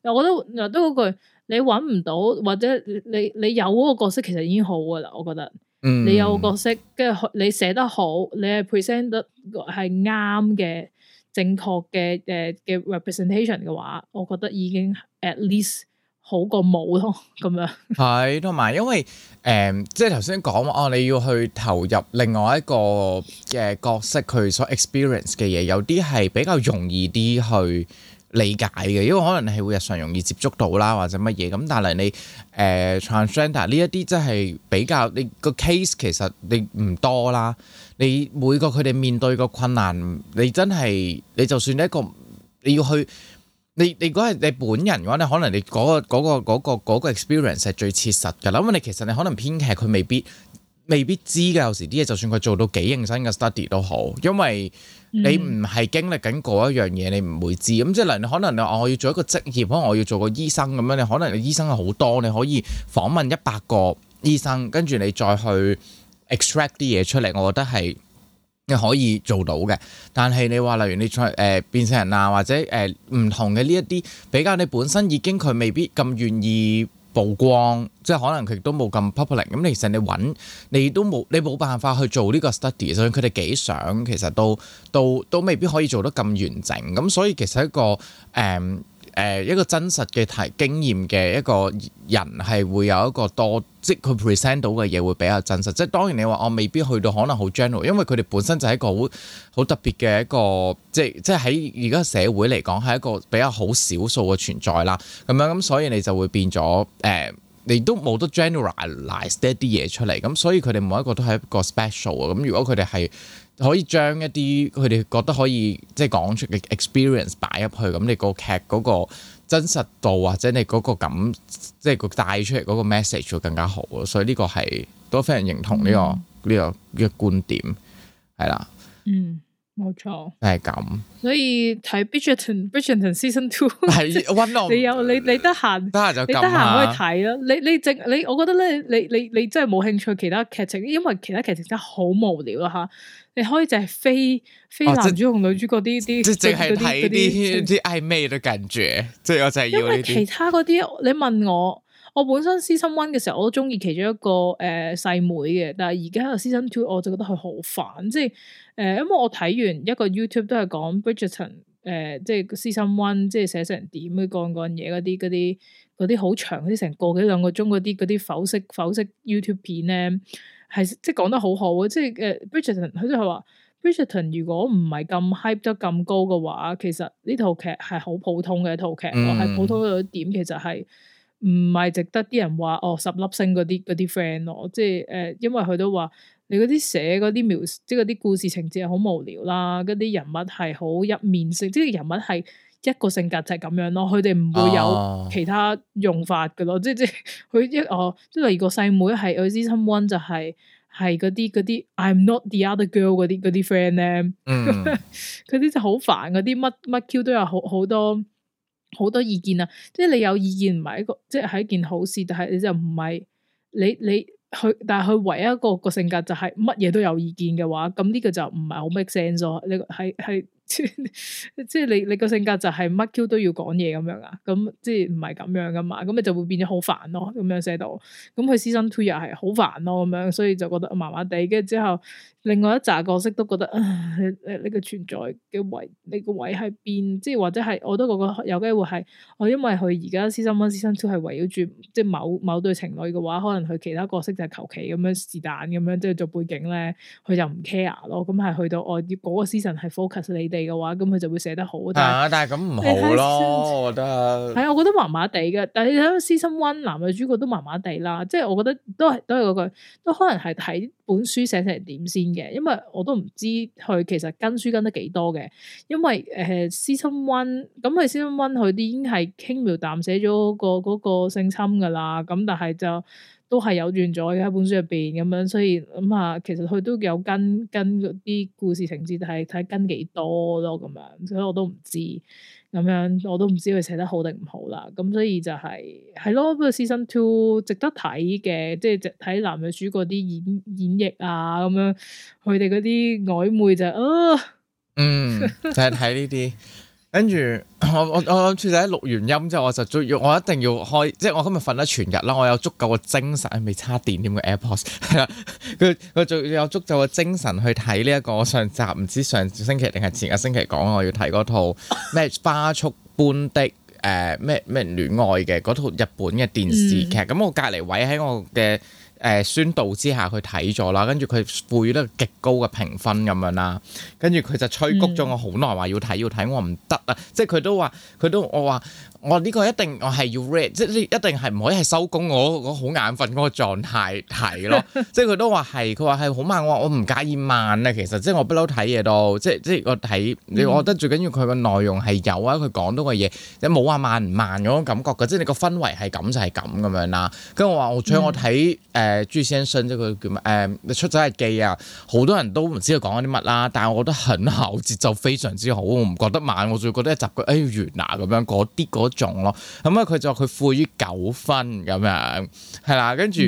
S2: 照。我覺得都嗰句，你搵唔到或者你你有嗰個角色其實已經好噶啦，我覺得，嗯、你有個角色跟住你寫得好，你係 present 得係啱嘅正確嘅誒嘅 representation 嘅話，我覺得已經 at least。好過冇咯，咁樣。
S1: 係，同埋因為誒，即係頭先講話哦，你要去投入另外一個嘅角色，佢所 experience 嘅嘢，有啲係比較容易啲去理解嘅，因為可能係會日常容易接觸到啦，或者乜嘢咁。但係你誒 transgender 呢一啲，真係比較你個 case 其實你唔多啦，你每個佢哋面對個困難，你真係你就算一個你要去。你如果係你本人嘅話，你可能你嗰個嗰個嗰個嗰個 experience 係最切實㗎啦。咁你其實你可能編劇佢未必未必知㗎。有時啲嘢就算佢做到幾認真嘅 study 都好，因為你唔係經歷緊嗰一樣嘢，你唔會知。咁即係可能你話我要做一個職業，可能我要做個醫生咁樣，你可能你醫生好多，你可以訪問一百個醫生，跟住你再去 extract 啲嘢出嚟，我覺得係。你可以做到嘅，但係你話例如你做誒、呃、變性人啊，或者誒唔、呃、同嘅呢一啲比較，你本身已經佢未必咁願意曝光，即係可能佢都冇咁 popular。咁你其實你搵你都冇你冇辦法去做呢個 study，所以佢哋幾想其實都都都未必可以做得咁完整。咁、嗯、所以其實一個誒。嗯誒一個真實嘅提經驗嘅一個人係會有一個多，即佢 present 到嘅嘢會比較真實。即係當然你話我、哦、未必去到可能好 general，因為佢哋本身就係一個好好特別嘅一個，即係即係喺而家社會嚟講係一個比較好少數嘅存在啦。咁樣咁所以你就會變咗誒、呃，你都冇得 generalize 啲啲嘢出嚟。咁所以佢哋每一個都係一個 special 啊。咁如果佢哋係。可以將一啲佢哋覺得可以即係講出嘅 experience 擺入去，咁你個劇嗰個真實度或者你嗰個感，即係個帶出嚟嗰個 message 會更加好啊！所以呢個係都非常認同呢個呢個呢個觀點，係啦，嗯。
S2: 冇錯，係咁，所以睇 Bridgerton，Bridgerton Brid season two，係溫到，你有，有你你得閒，得閒就，你得閒可以睇咯。嗯、你你淨你，我覺得咧，你你你真係冇興趣其他劇情，因為其他劇情真係好無聊啊。吓。你可以就係非非男主同女主角啲啲，即係淨係睇啲啲
S1: 曖昧嘅感覺，即係我真係因為其
S2: 他嗰啲，你問我。我本身 season one 嘅時候，我都中意其中一個誒細妹嘅，但係而家 season two 我就覺得佢好煩，即係誒、呃，因為我睇完一個 YouTube 都係講 Bridgerton 誒、呃，即係 season one 即係寫成點去講嗰嘢嗰啲嗰啲啲好長嗰啲成個幾兩個鐘嗰啲嗰啲剖析剖析 YouTube 片咧，係即係講得好好即係誒、呃、Bridgerton，佢就係話 Bridgerton 如果唔係咁 hype 得咁高嘅話，其實呢套劇係好普通嘅一套劇，係、嗯、普通到點其實係。唔係值得啲人話哦，十粒星嗰啲嗰啲 friend 咯，即係誒、呃，因為佢都話你嗰啲寫嗰啲 news 即係嗰啲故事情節係好無聊啦，嗰啲人物係好一面性，即係人物係一個性格就係咁樣咯，佢哋唔會有其他用法嘅咯、啊，即係即係佢一哦，即係例如個細妹係嗰啲 someone 就係係嗰啲嗰啲 I'm not the other girl 嗰啲嗰啲 friend 咧，嗰啲、嗯、 就好煩嗰啲乜乜 Q 都有好好多。好多意見啊！即係你有意見唔係一個，即係係一件好事，但係你就唔係你你佢，但係佢唯一一個個性格就係乜嘢都有意見嘅話，咁呢個就唔係好 make sense 咯、哦。呢個係係即係你你個性格就係乜 Q 都要講嘢咁樣啊！咁即係唔係咁樣噶嘛？咁你就會變咗好煩咯，咁樣寫到咁佢師生 two 又係好煩咯，咁樣所以就覺得麻麻地，跟住之後。另外一紮角色都覺得啊，誒呢個存在嘅位，你個位係邊？即係或者係我都覺得有機會係我因為佢而家 Season OneSeason Two 係圍繞住即係某某對情侶嘅話，可能佢其他角色就係求其咁樣是但咁樣，即係做背景咧，佢就唔 care 咯。咁係去到我要嗰個 Season 係 focus 你哋嘅話，咁佢就會寫得好。但係咁唔好咯，我覺
S1: 得係啊，我
S2: 覺得麻麻地嘅。但係你睇 Season One 男女主角都麻麻地啦，即係我覺得都係都係嗰句，都可能係睇本書寫成點先。嘅，因為我都唔知佢其實跟書跟得幾多嘅，因為誒《Season One》咁佢《Season One》佢啲已經係輕描淡寫咗個嗰個性侵噶啦，咁但係就都係有轉咗喺本書入邊咁樣，所以咁、嗯、啊，其實佢都有跟跟啲故事情節，就係睇跟幾多咯咁樣，所以我都唔知。咁樣我都唔知佢寫得好定唔好啦，咁所以就係、係、係咯，不過 Season Two 值得睇嘅，即係睇男女主嗰啲演演繹啊，咁樣佢哋嗰啲曖昧就啊，
S1: 嗯，就係睇呢啲，。 跟住我我我諗住就喺錄完音之後，我就要我一定要開，即係我今日瞓得全日啦，我有足夠嘅精神，未叉電點嘅 AirPods，佢 佢仲要有足夠嘅精神去睇呢一個我，上集，唔知上星期定係前個星期講我要睇嗰套咩花束般的誒咩咩戀愛嘅嗰套日本嘅電視劇，咁、嗯、我隔離位喺我嘅。誒宣導之下，佢睇咗啦，跟住佢賦予得極高嘅評分咁樣啦，跟住佢就催谷咗我好耐，話要睇要睇，我話唔得啊！即係佢都話，佢都我話。我呢、哦呢個一定我係要 read，即係呢一定係唔可以係收工，我我好眼瞓嗰個狀態係咯，即係佢都話係，佢話係好慢，我我唔介意慢啊。其實即係我不嬲睇嘢都，即係即係我睇，你我覺得最緊要佢個內容係有啊，佢講到嘅嘢，你冇話慢唔慢嗰種感覺㗎，即係你個氛圍係咁就係咁咁樣啦。跟住我話我採我睇誒、嗯呃、朱先生即佢叫誒、呃、出走日記啊，好多人都唔知道佢講緊啲乜啦，但係我覺得很好，節奏非常之好，我唔覺得慢，我仲要覺得一集佢誒完啊咁樣嗰啲種咯咁啊，佢就佢負於九分咁樣係啦，跟住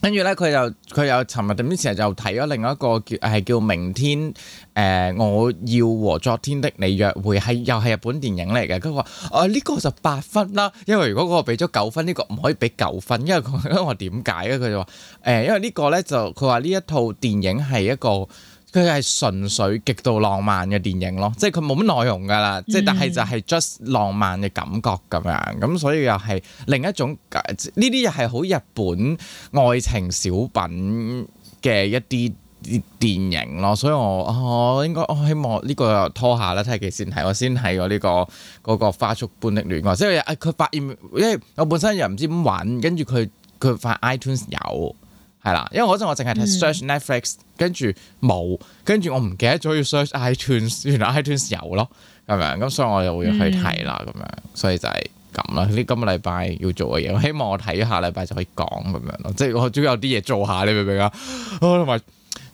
S1: 跟住咧，佢又佢又，尋日點啲時候就睇咗另一個叫係叫明天誒、呃，我要和昨天的你約會，係又係日本電影嚟嘅。跟住話啊，呢、這個就八分啦，因為如果我俾咗九分，呢、這個唔可以俾九分，因為佢話點解咧？佢、嗯、就話誒、啊，因為個呢個咧就佢話呢一套電影係一個。佢係純粹極度浪漫嘅電影咯，即係佢冇乜內容噶啦，即係、嗯、但係就係 just 浪漫嘅感覺咁樣，咁所以又係另一種呢啲又係好日本愛情小品嘅一啲啲電影咯，所以我我、哦、應該、哦、希望呢個拖下啦，睇下先睇，我先睇我呢個嗰、嗰個、花束般的戀愛，即係佢發現，因為我本身又唔知點揾。跟住佢佢發 iTunes 有。係啦，因為嗰陣我淨係睇 search Netflix、嗯、跟住冇，跟住我唔記得咗要 search iTunes，原來 iTunes 有咯，咁樣咁，所以我又會去睇啦，咁樣、嗯，所以就係咁啦。呢今個禮拜要做嘅嘢，我希望我睇咗下禮拜就可以講咁樣咯，即係我都要有啲嘢做下，你明唔明啊？同埋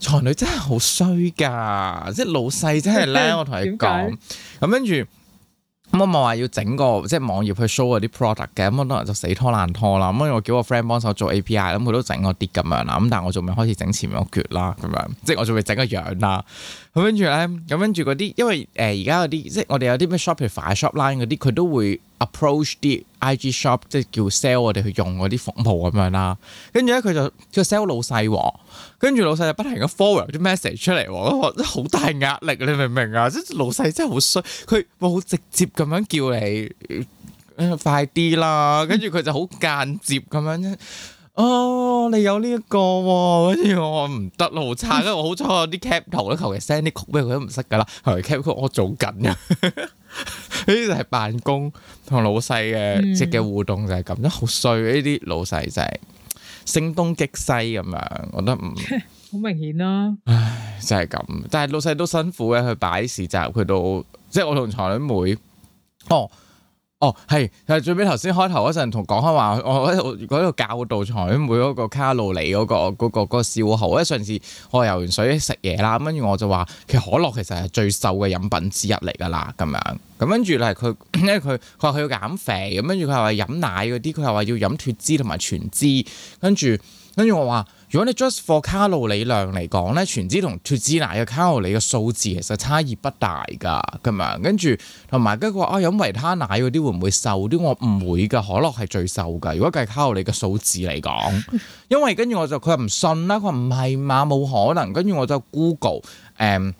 S1: 才女真係好衰噶，即係老細真係咧，我同你講，咁 麼跟住。咁、嗯、我冇話要整個即係網頁去 show 嗰啲 product 嘅，咁、嗯、我多人就死拖爛拖啦。咁、嗯、我叫我 friend 幫手做 API，咁、嗯、佢都整咗啲咁樣、嗯、啦。咁但係我仲未開始整前面嗰橛啦，咁樣即係我仲未整個樣啦。咁跟住咧，咁跟住嗰啲，因為誒而家嗰啲即係我哋有啲咩 Shopify、Shopline 嗰啲，佢都會 approach 啲。I.G shop 即係叫 sell 我哋去用嗰啲服務咁樣啦，跟住咧佢就叫 sell 老細喎，跟住老細就不停咁 forward 啲 message 出嚟喎，都好大壓力你明唔明啊？即老細真係好衰，佢冇直接咁樣叫你、呃、快啲啦，跟住佢就好間接咁樣，哦，你有呢一個喎、哦，跟住我唔得，好差，因為我好彩我啲 cap 圖咧，求其 send 啲曲俾佢都唔識噶啦，係 cap 圖我做緊嘅。呢啲就係辦公同老細嘅即係互動就係咁，真好衰，呢啲老細就係、是、聲東擊西咁樣，我覺得唔
S2: 好明顯咯、啊。唉，就係、
S1: 是、咁，但係老細都辛苦嘅，去擺市集佢都，即係我同財女妹哦。哦，係，係最尾頭先開頭嗰陣同講開話，我喺度，教導台妹一個卡路里嗰個，嗰個，嗰個消耗。我喺上次我游完水食嘢啦，跟住我就話，其實可樂其實係最瘦嘅飲品之一嚟噶啦，咁樣，咁跟住嚟佢，因為佢，佢話佢要減肥，咁跟住佢係話飲奶嗰啲，佢係話要飲脱脂同埋全脂，跟住，跟住我話。如果你 just for 卡路里量嚟講咧，全脂同脫脂奶嘅卡路里嘅數字其實差異不大㗎，咁樣跟住同埋跟住話啊飲維他奶嗰啲會唔會瘦啲？我唔會㗎，可樂係最瘦㗎。如果計卡路里嘅數字嚟講， 因為跟住我就佢又唔信啦，佢話唔係嘛，冇可能。跟住我就 Google 誒、嗯。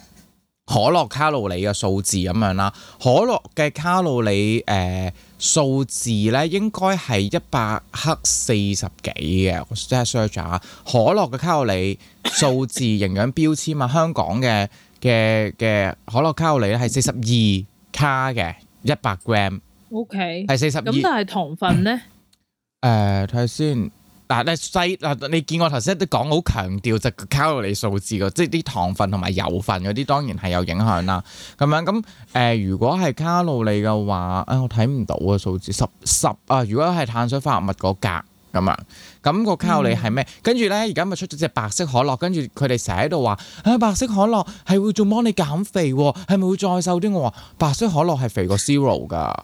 S1: 可樂卡路里嘅數字咁樣啦，可樂嘅卡路里誒、呃、數字咧，應該係一百克四十幾嘅，我即係 search 下可樂嘅卡路里數字營養標籤啊， 香港嘅嘅嘅可樂卡路里咧係四十二卡嘅一百 gram，OK
S2: 係四十二，咁但係糖分咧？
S1: 誒、呃，睇下先。嗱，你嗱、啊，你見我頭先都講好強調就卡路里數字㗎，即係啲糖分同埋油分嗰啲當然係有影響啦。咁樣咁誒、呃，如果係卡路里嘅話，啊、哎、我睇唔到嘅數字十十啊，如果係碳水化合物嗰格咁啊，咁個卡路里係咩？跟住咧，而家咪出咗隻白色可樂，跟住佢哋成日喺度話啊，白色可樂係會仲幫你減肥喎、啊，係咪會再瘦啲、啊？我話白色可樂係肥過 Zero 㗎。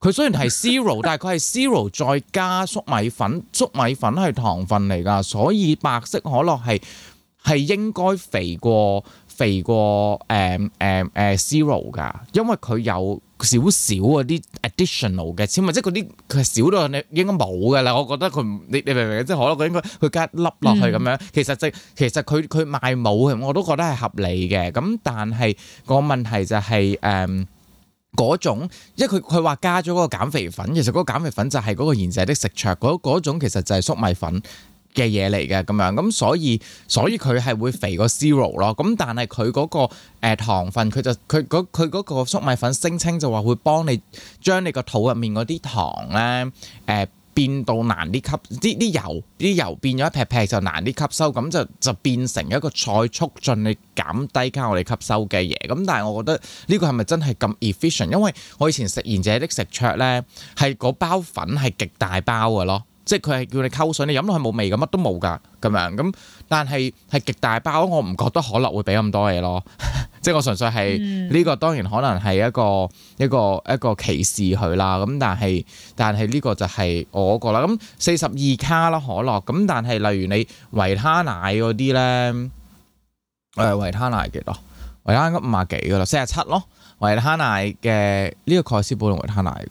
S1: 佢雖然係 zero，但係佢係 zero 再加粟米粉，粟米粉係糖分嚟㗎，所以白色可樂係係應該肥過肥過誒誒誒 zero 㗎，因為佢有少少嗰啲 additional 嘅，纖維即係嗰啲係少到，你應該冇㗎啦。我覺得佢唔，你你明唔明？即係可樂佢應該佢加粒落去咁樣，其實即係其實佢佢賣冇，我都覺得係合理嘅。咁但係個問題就係誒。嗰種，因為佢佢話加咗嗰個減肥粉，其實嗰個減肥粉就係嗰個燃脂的食材嗰種，其實就係粟米粉嘅嘢嚟嘅咁樣，咁所以所以佢係會肥過 zero、那個 c e r o 咯，咁但係佢嗰個誒糖分，佢就佢嗰佢嗰個粟米粉聲稱就話會幫你將你個肚入面嗰啲糖咧誒。呃變到難啲吸啲啲油啲油變咗一撇撇，就難啲吸收，咁就就變成一個菜促進你減低加我哋吸收嘅嘢。咁但係我覺得呢個係咪真係咁 efficient？因為我以前食賢者啲食桌咧，係嗰包粉係極大包嘅咯。即係佢係叫你溝水，你飲落去冇味嘅，乜都冇噶咁樣咁。但係係極大包，我唔覺得可樂會俾咁多嘢咯。 即係我純粹係呢、嗯、個當然可能係一個一個一個歧視佢啦。咁但係但係呢個就係我嗰個啦。咁四十二卡咯可樂。咁但係例如你維他奶嗰啲咧，誒、呃、維他奶幾多？維他五呀幾噶啦，四廿七咯。維他奶嘅呢、這個蓋斯堡同維他奶。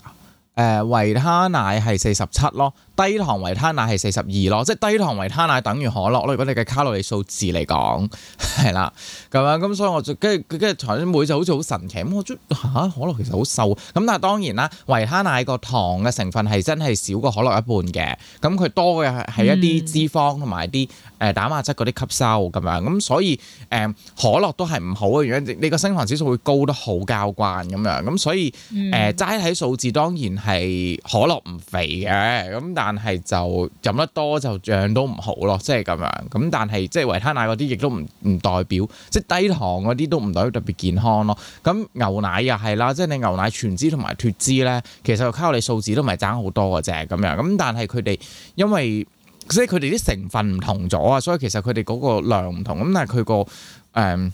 S1: 誒維他奶係四十七咯，低糖維他奶係四十二咯，即係低糖維他奶等於可樂。如果你嘅卡路里數字嚟講係啦，咁樣咁所以我就跟住，跟頭先妹就好似好神奇咁，我覺得可樂其實好瘦咁，但係當然啦，維他奶個糖嘅成分係真係少過可樂一半嘅，咁佢多嘅係一啲脂肪同埋啲誒蛋白質嗰啲吸收咁樣，咁所以誒可樂都係唔好嘅原因，你個升糖指數會高得好交關咁樣，咁所以誒齋睇數字當然係。係可樂唔肥嘅咁，但係就飲得多就都、就是、樣都唔好咯，即係咁樣咁。但係即係維他奶嗰啲，亦都唔唔代表即係、就是、低糖嗰啲都唔代表特別健康咯。咁牛奶又係啦，即、就、係、是、你牛奶全脂同埋脫脂咧，其實卡路里數字都唔係爭好多嘅啫咁樣。咁但係佢哋因為即係佢哋啲成分唔同咗啊，所以其實佢哋嗰個量唔同咁，但係佢個誒。嗯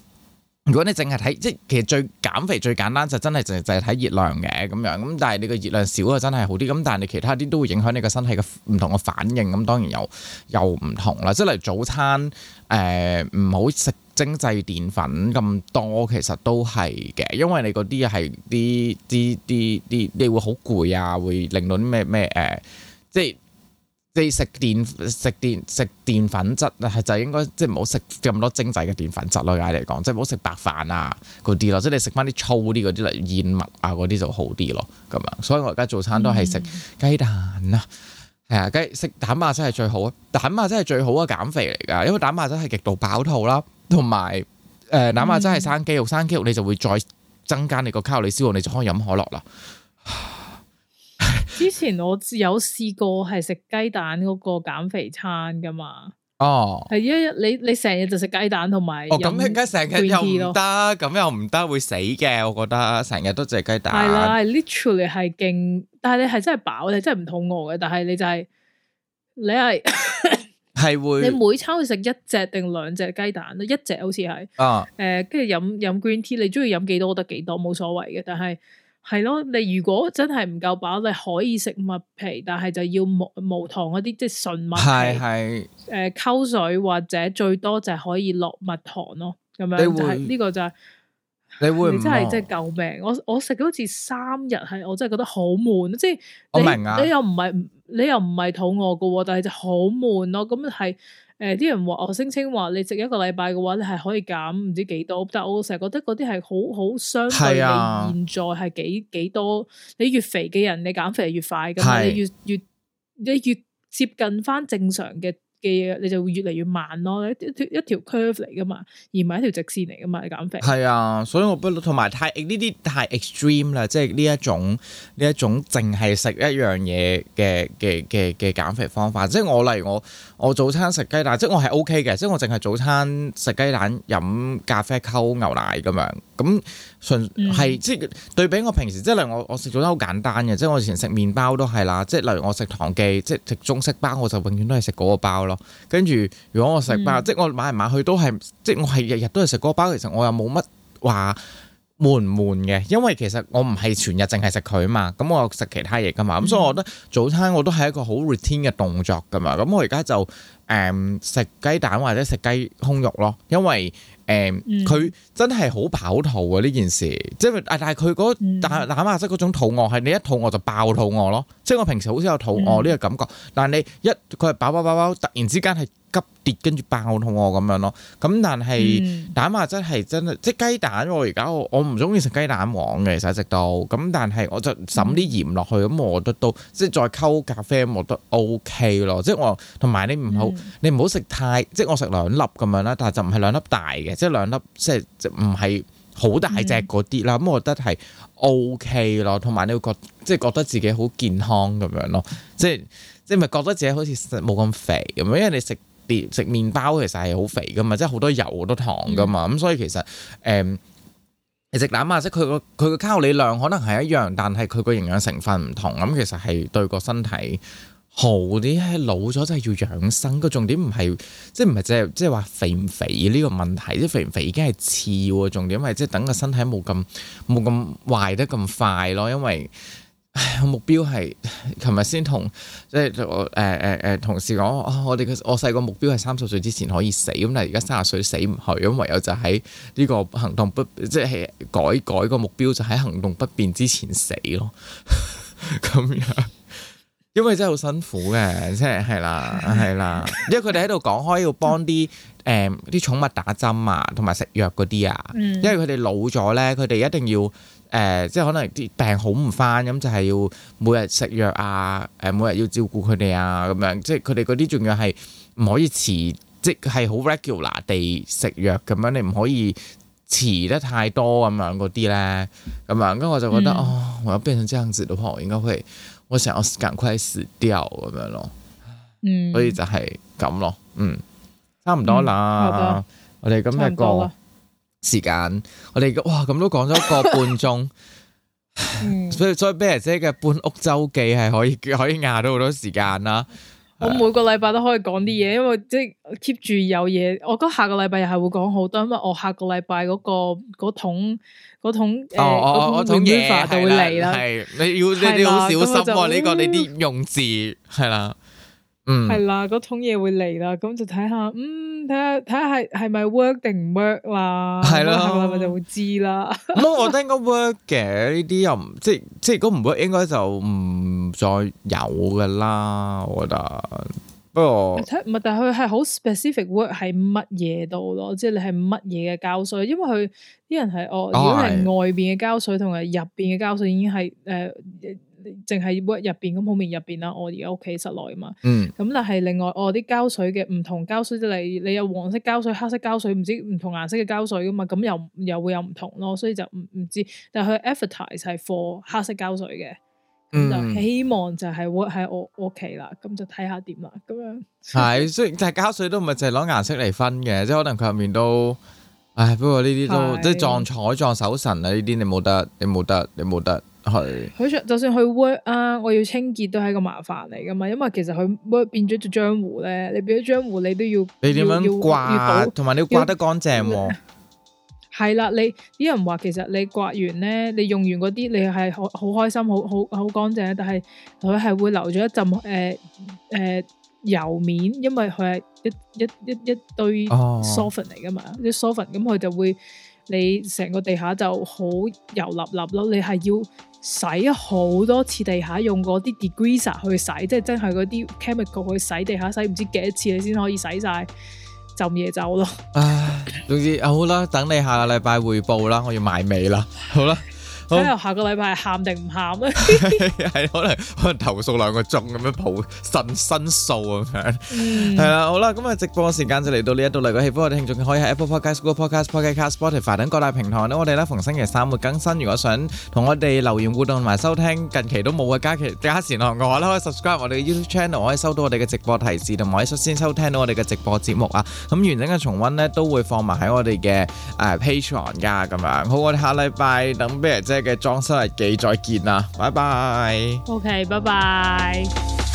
S1: 如果你淨係睇，即係其實最減肥最簡單就真係淨淨係睇熱量嘅咁樣，咁但係你個熱量少啊，真係好啲。咁但係你其他啲都會影響你個身體嘅唔同嘅反應，咁當然又又唔同啦。即係例如早餐，誒唔好食精製澱粉咁多，其實都係嘅，因為你嗰啲係啲啲啲啲你會好攰啊，會令到啲咩咩誒，即係。你食澱食澱食澱粉質就係，應該即係唔好食咁多精製嘅澱粉質咯，而家嚟講即係唔好食白飯啊嗰啲咯，即係你食翻啲粗啲嗰啲嚟燕麥啊嗰啲就好啲咯，咁樣。所以我而家早餐都係食雞蛋啦，係、嗯、啊，雞食蛋白質係最好啊，蛋白質係最好嘅減肥嚟噶，因為蛋白質係極度飽肚啦，同埋誒蛋白質係生肌肉，生肌肉你就會再增加你個卡路里消耗，你就可以飲可樂啦。
S2: 之前我有試過係食雞蛋嗰個減肥餐，噶嘛、oh. 因為，哦、oh，係一你你成日就食雞蛋同埋，咁你而家成日又唔得，
S1: 咁又唔得會死嘅。我覺得成日都食雞蛋，係啦
S2: ，literally 係勁，但係你係真係飽，你真係唔肚餓嘅，但係你就係你係
S1: 係會，你每
S2: 餐會食一隻定兩隻雞蛋咯，一隻好似係，啊、oh. 呃，誒，跟住飲飲 green tea，你中意飲幾多我得幾多，冇所謂嘅，但係。係咯，你如果真係唔夠飽，你可以食麥皮，但係就要無無糖嗰啲即係純麥皮，誒的，溝、呃、水或者最多就係可以落蜜糖咯，咁樣你會就係呢個就係、
S1: 是。你會唔？你真係真係
S2: 救命！我我食咗好似三日係，我真係覺得好悶，即係你我明、啊、你又唔係你又唔係肚餓噶，但係就好悶咯，咁係。誒，啲、呃、人話我聲稱話，你食一個禮拜嘅話，你係可以減唔知幾多，但係我成日覺得嗰啲係好好相對你現在係幾幾多，你越肥嘅人你減肥係越快噶，的咁你越越你越接近翻正常嘅。嘅嘢你就會越嚟越慢咯，一一條 curve 嚟噶嘛，而唔係一條直線嚟噶嘛。你減肥係啊，
S1: 所以我不同埋太呢啲太 extreme 啦，即係呢一種呢一種淨係食一樣嘢嘅嘅嘅嘅減肥方法。即係我例如我我早餐食雞蛋，即係我係 OK 嘅，即係我淨係早餐食雞蛋飲咖啡溝牛奶咁樣，咁純係即係對比我平時，即係例如我我食早餐好簡單嘅，即係我以前食麵包都係啦，即係例如我食糖記，即係食中式包，我就永遠都係食嗰個包咯。跟住，如果我食包，嗯、即係我買嚟買去都係，即係我係日日都係食嗰個包。其實我又冇乜話悶唔悶嘅，因為其實我唔係全日淨係食佢嘛，咁我食其他嘢噶嘛。咁所以我覺得早餐我都係一個好 routine 嘅動作噶嘛。咁我而家就誒食雞蛋或者食雞胸肉咯，因為誒佢、嗯嗯、真係好飽肚啊，呢件事。即係但係佢嗰但係冷啊，即嗰、嗯、種肚餓係你一肚餓就爆肚餓咯。即係我平時好似有肚餓呢個感覺，嗯、但係你一佢係飽飽飽飽，突然之間係急跌跟住爆肚餓咁樣咯。咁但係蛋嘛，真係真係，即係雞蛋我而家我唔中意食雞蛋黃嘅，其實食到都。咁但係我就滲啲鹽落去，咁我覺得都即係再溝咖啡，我覺得 O K 咯。即係我同埋你唔好，你唔好食太，即係我食兩粒咁樣啦，但係就唔係兩粒大嘅，即係兩粒即係唔係好大隻嗰啲啦。咁我覺得係 O K 咯，同埋你會覺。即係覺，覺得自己好健康咁樣咯，即係即係咪覺得自己好似冇咁肥咁？因為你食麵食麪包其實係好肥噶嘛，即係好多油好多糖噶嘛。咁、嗯嗯、所以其實誒、嗯，食蛋或者佢個佢個卡路里量可能係一樣，但係佢個營養成分唔同。咁其實係對個身體好啲。老咗真係要養生。個重點唔係即係唔係即係即係話肥唔肥呢個問題，即係肥唔肥已經係次要嘅重點，因即係等個身體冇咁冇咁壞得咁快咯，因為。我目標係，琴日先同即係誒誒誒同事講、哦，我我哋我細個目標係三十歲之前可以死，咁但係而家三十歲死唔去，咁唯有就喺呢個行動不，即係改改個目標，就喺行動不便之前死咯，咁樣，因為真係好辛苦嘅，即係係啦係啦， 因為佢哋喺度講開要幫啲誒啲寵物打針啊，同埋食藥嗰啲啊，嗯、因為佢哋老咗咧，佢哋一定要。誒，即係可能啲病好唔翻，咁就係要每日食藥啊，誒，每日要照顧佢哋啊，咁樣，即係佢哋嗰啲仲要係唔可以遲，即係好 regular 地食藥咁樣，你唔可以遲得太多咁樣嗰啲咧，咁啊，咁我就覺得、嗯、哦，我有變成這樣子的話，我應該會，我想要趕快死掉咁樣咯，嗯，
S2: 所以
S1: 就係咁咯，嗯，差唔多啦，我哋咁一個。時間我哋哇咁都講咗個半鐘、 嗯，所以所以 Bear 姐嘅搬屋周記係可以可以壓到好多時間啦。
S2: 我每個禮拜都可以講啲嘢，因為即係 keep 住有嘢。我覺得下個禮拜又係會講好多，因為我下個禮拜嗰個桶嗰桶誒桶嘢就會嚟啦。係、哦那個、你要你哋好小心呢、啊這個
S1: 你啲用字係啦。嗯，係
S2: 啦，嗰桶嘢會嚟啦，咁就睇下，嗯，睇下睇下係係咪 work 定唔 work 話，係咯，下個禮拜就會知啦。
S1: 咁我覺得應該 work 嘅，呢啲又唔即即係如果唔 work，應該就唔再有噶啦。我覺得，不
S2: 過，唔係，但係佢係好 specific work，係乜嘢度咯，即係你係乜嘢嘅膠水，因為佢啲人係哦，如果係外邊嘅膠水同埋入邊嘅膠水已經係誒。淨係 work 入邊咁好面入邊啦，我而家屋企室內啊嘛，咁但係另外我啲膠水嘅唔同膠水，你你有黃色膠水、黑色膠水，唔知唔同顏色嘅膠水噶嘛，咁又又會有唔同咯，所以就唔唔知。但係佢 advertise 係貨黑色膠水嘅，
S1: 咁就希
S2: 望就係 work 喺我屋企啦，咁就睇下點啦咁
S1: 樣。係，雖然就係膠水都唔係淨係攞顏色嚟分嘅，即係可能佢入面都，唉，不過呢啲都即係撞彩撞手神啊！呢啲你冇得，你冇得，你冇得。係，
S2: 好是就算佢 work 啊，我要清潔都係一個麻煩嚟噶嘛，因為其實佢 work 變咗做漿糊咧，你變咗漿糊，你都要你點樣刮，
S1: 同埋你要刮得乾淨，啊。
S2: 係啦，嗯，你啲人話其實你刮完咧，你用完嗰啲，你係好好開心，好好好乾淨，但係佢係會留咗一浸誒誒油面，因為佢係一一一一,一堆 sofa 嚟噶嘛，啲 sofa 咁佢就會你成個地下就好油立立咯，你係要。洗好多次地下，用嗰啲 degreaser 去洗，即係真係嗰啲 chemical 去洗地下，洗唔知幾多次你先可以洗晒浸嘢走咯。唉，
S1: 總之 好啦，等你下個禮拜匯報啦，我要埋尾啦，好啦。
S2: 睇下下個
S1: 禮拜喊定唔喊咧？係可能可能投訴兩個鐘咁樣抱信申訴咁樣。嗯，係啦，好啦，咁啊直播時間就嚟到呢一度啦！希望我哋聽眾可以喺 Apple Podcast、Google Podcast、Podcast Spotify 等各大平台咧，我哋咧逢星期三會更新。如果想同我哋留言互動同埋收聽近期都冇嘅假期假時，我咧可以 subscribe 我哋 YouTube Channel，我可以收到我哋嘅直播提示，同埋可以率先收聽到我哋嘅直播節目啊。咁完整嘅重溫咧都會放埋喺我哋嘅誒 Patreon 噶咁樣。好，我哋下禮拜等咩啫？嘅裝修日記，再見啦，拜 拜樂。
S2: OK，拜拜。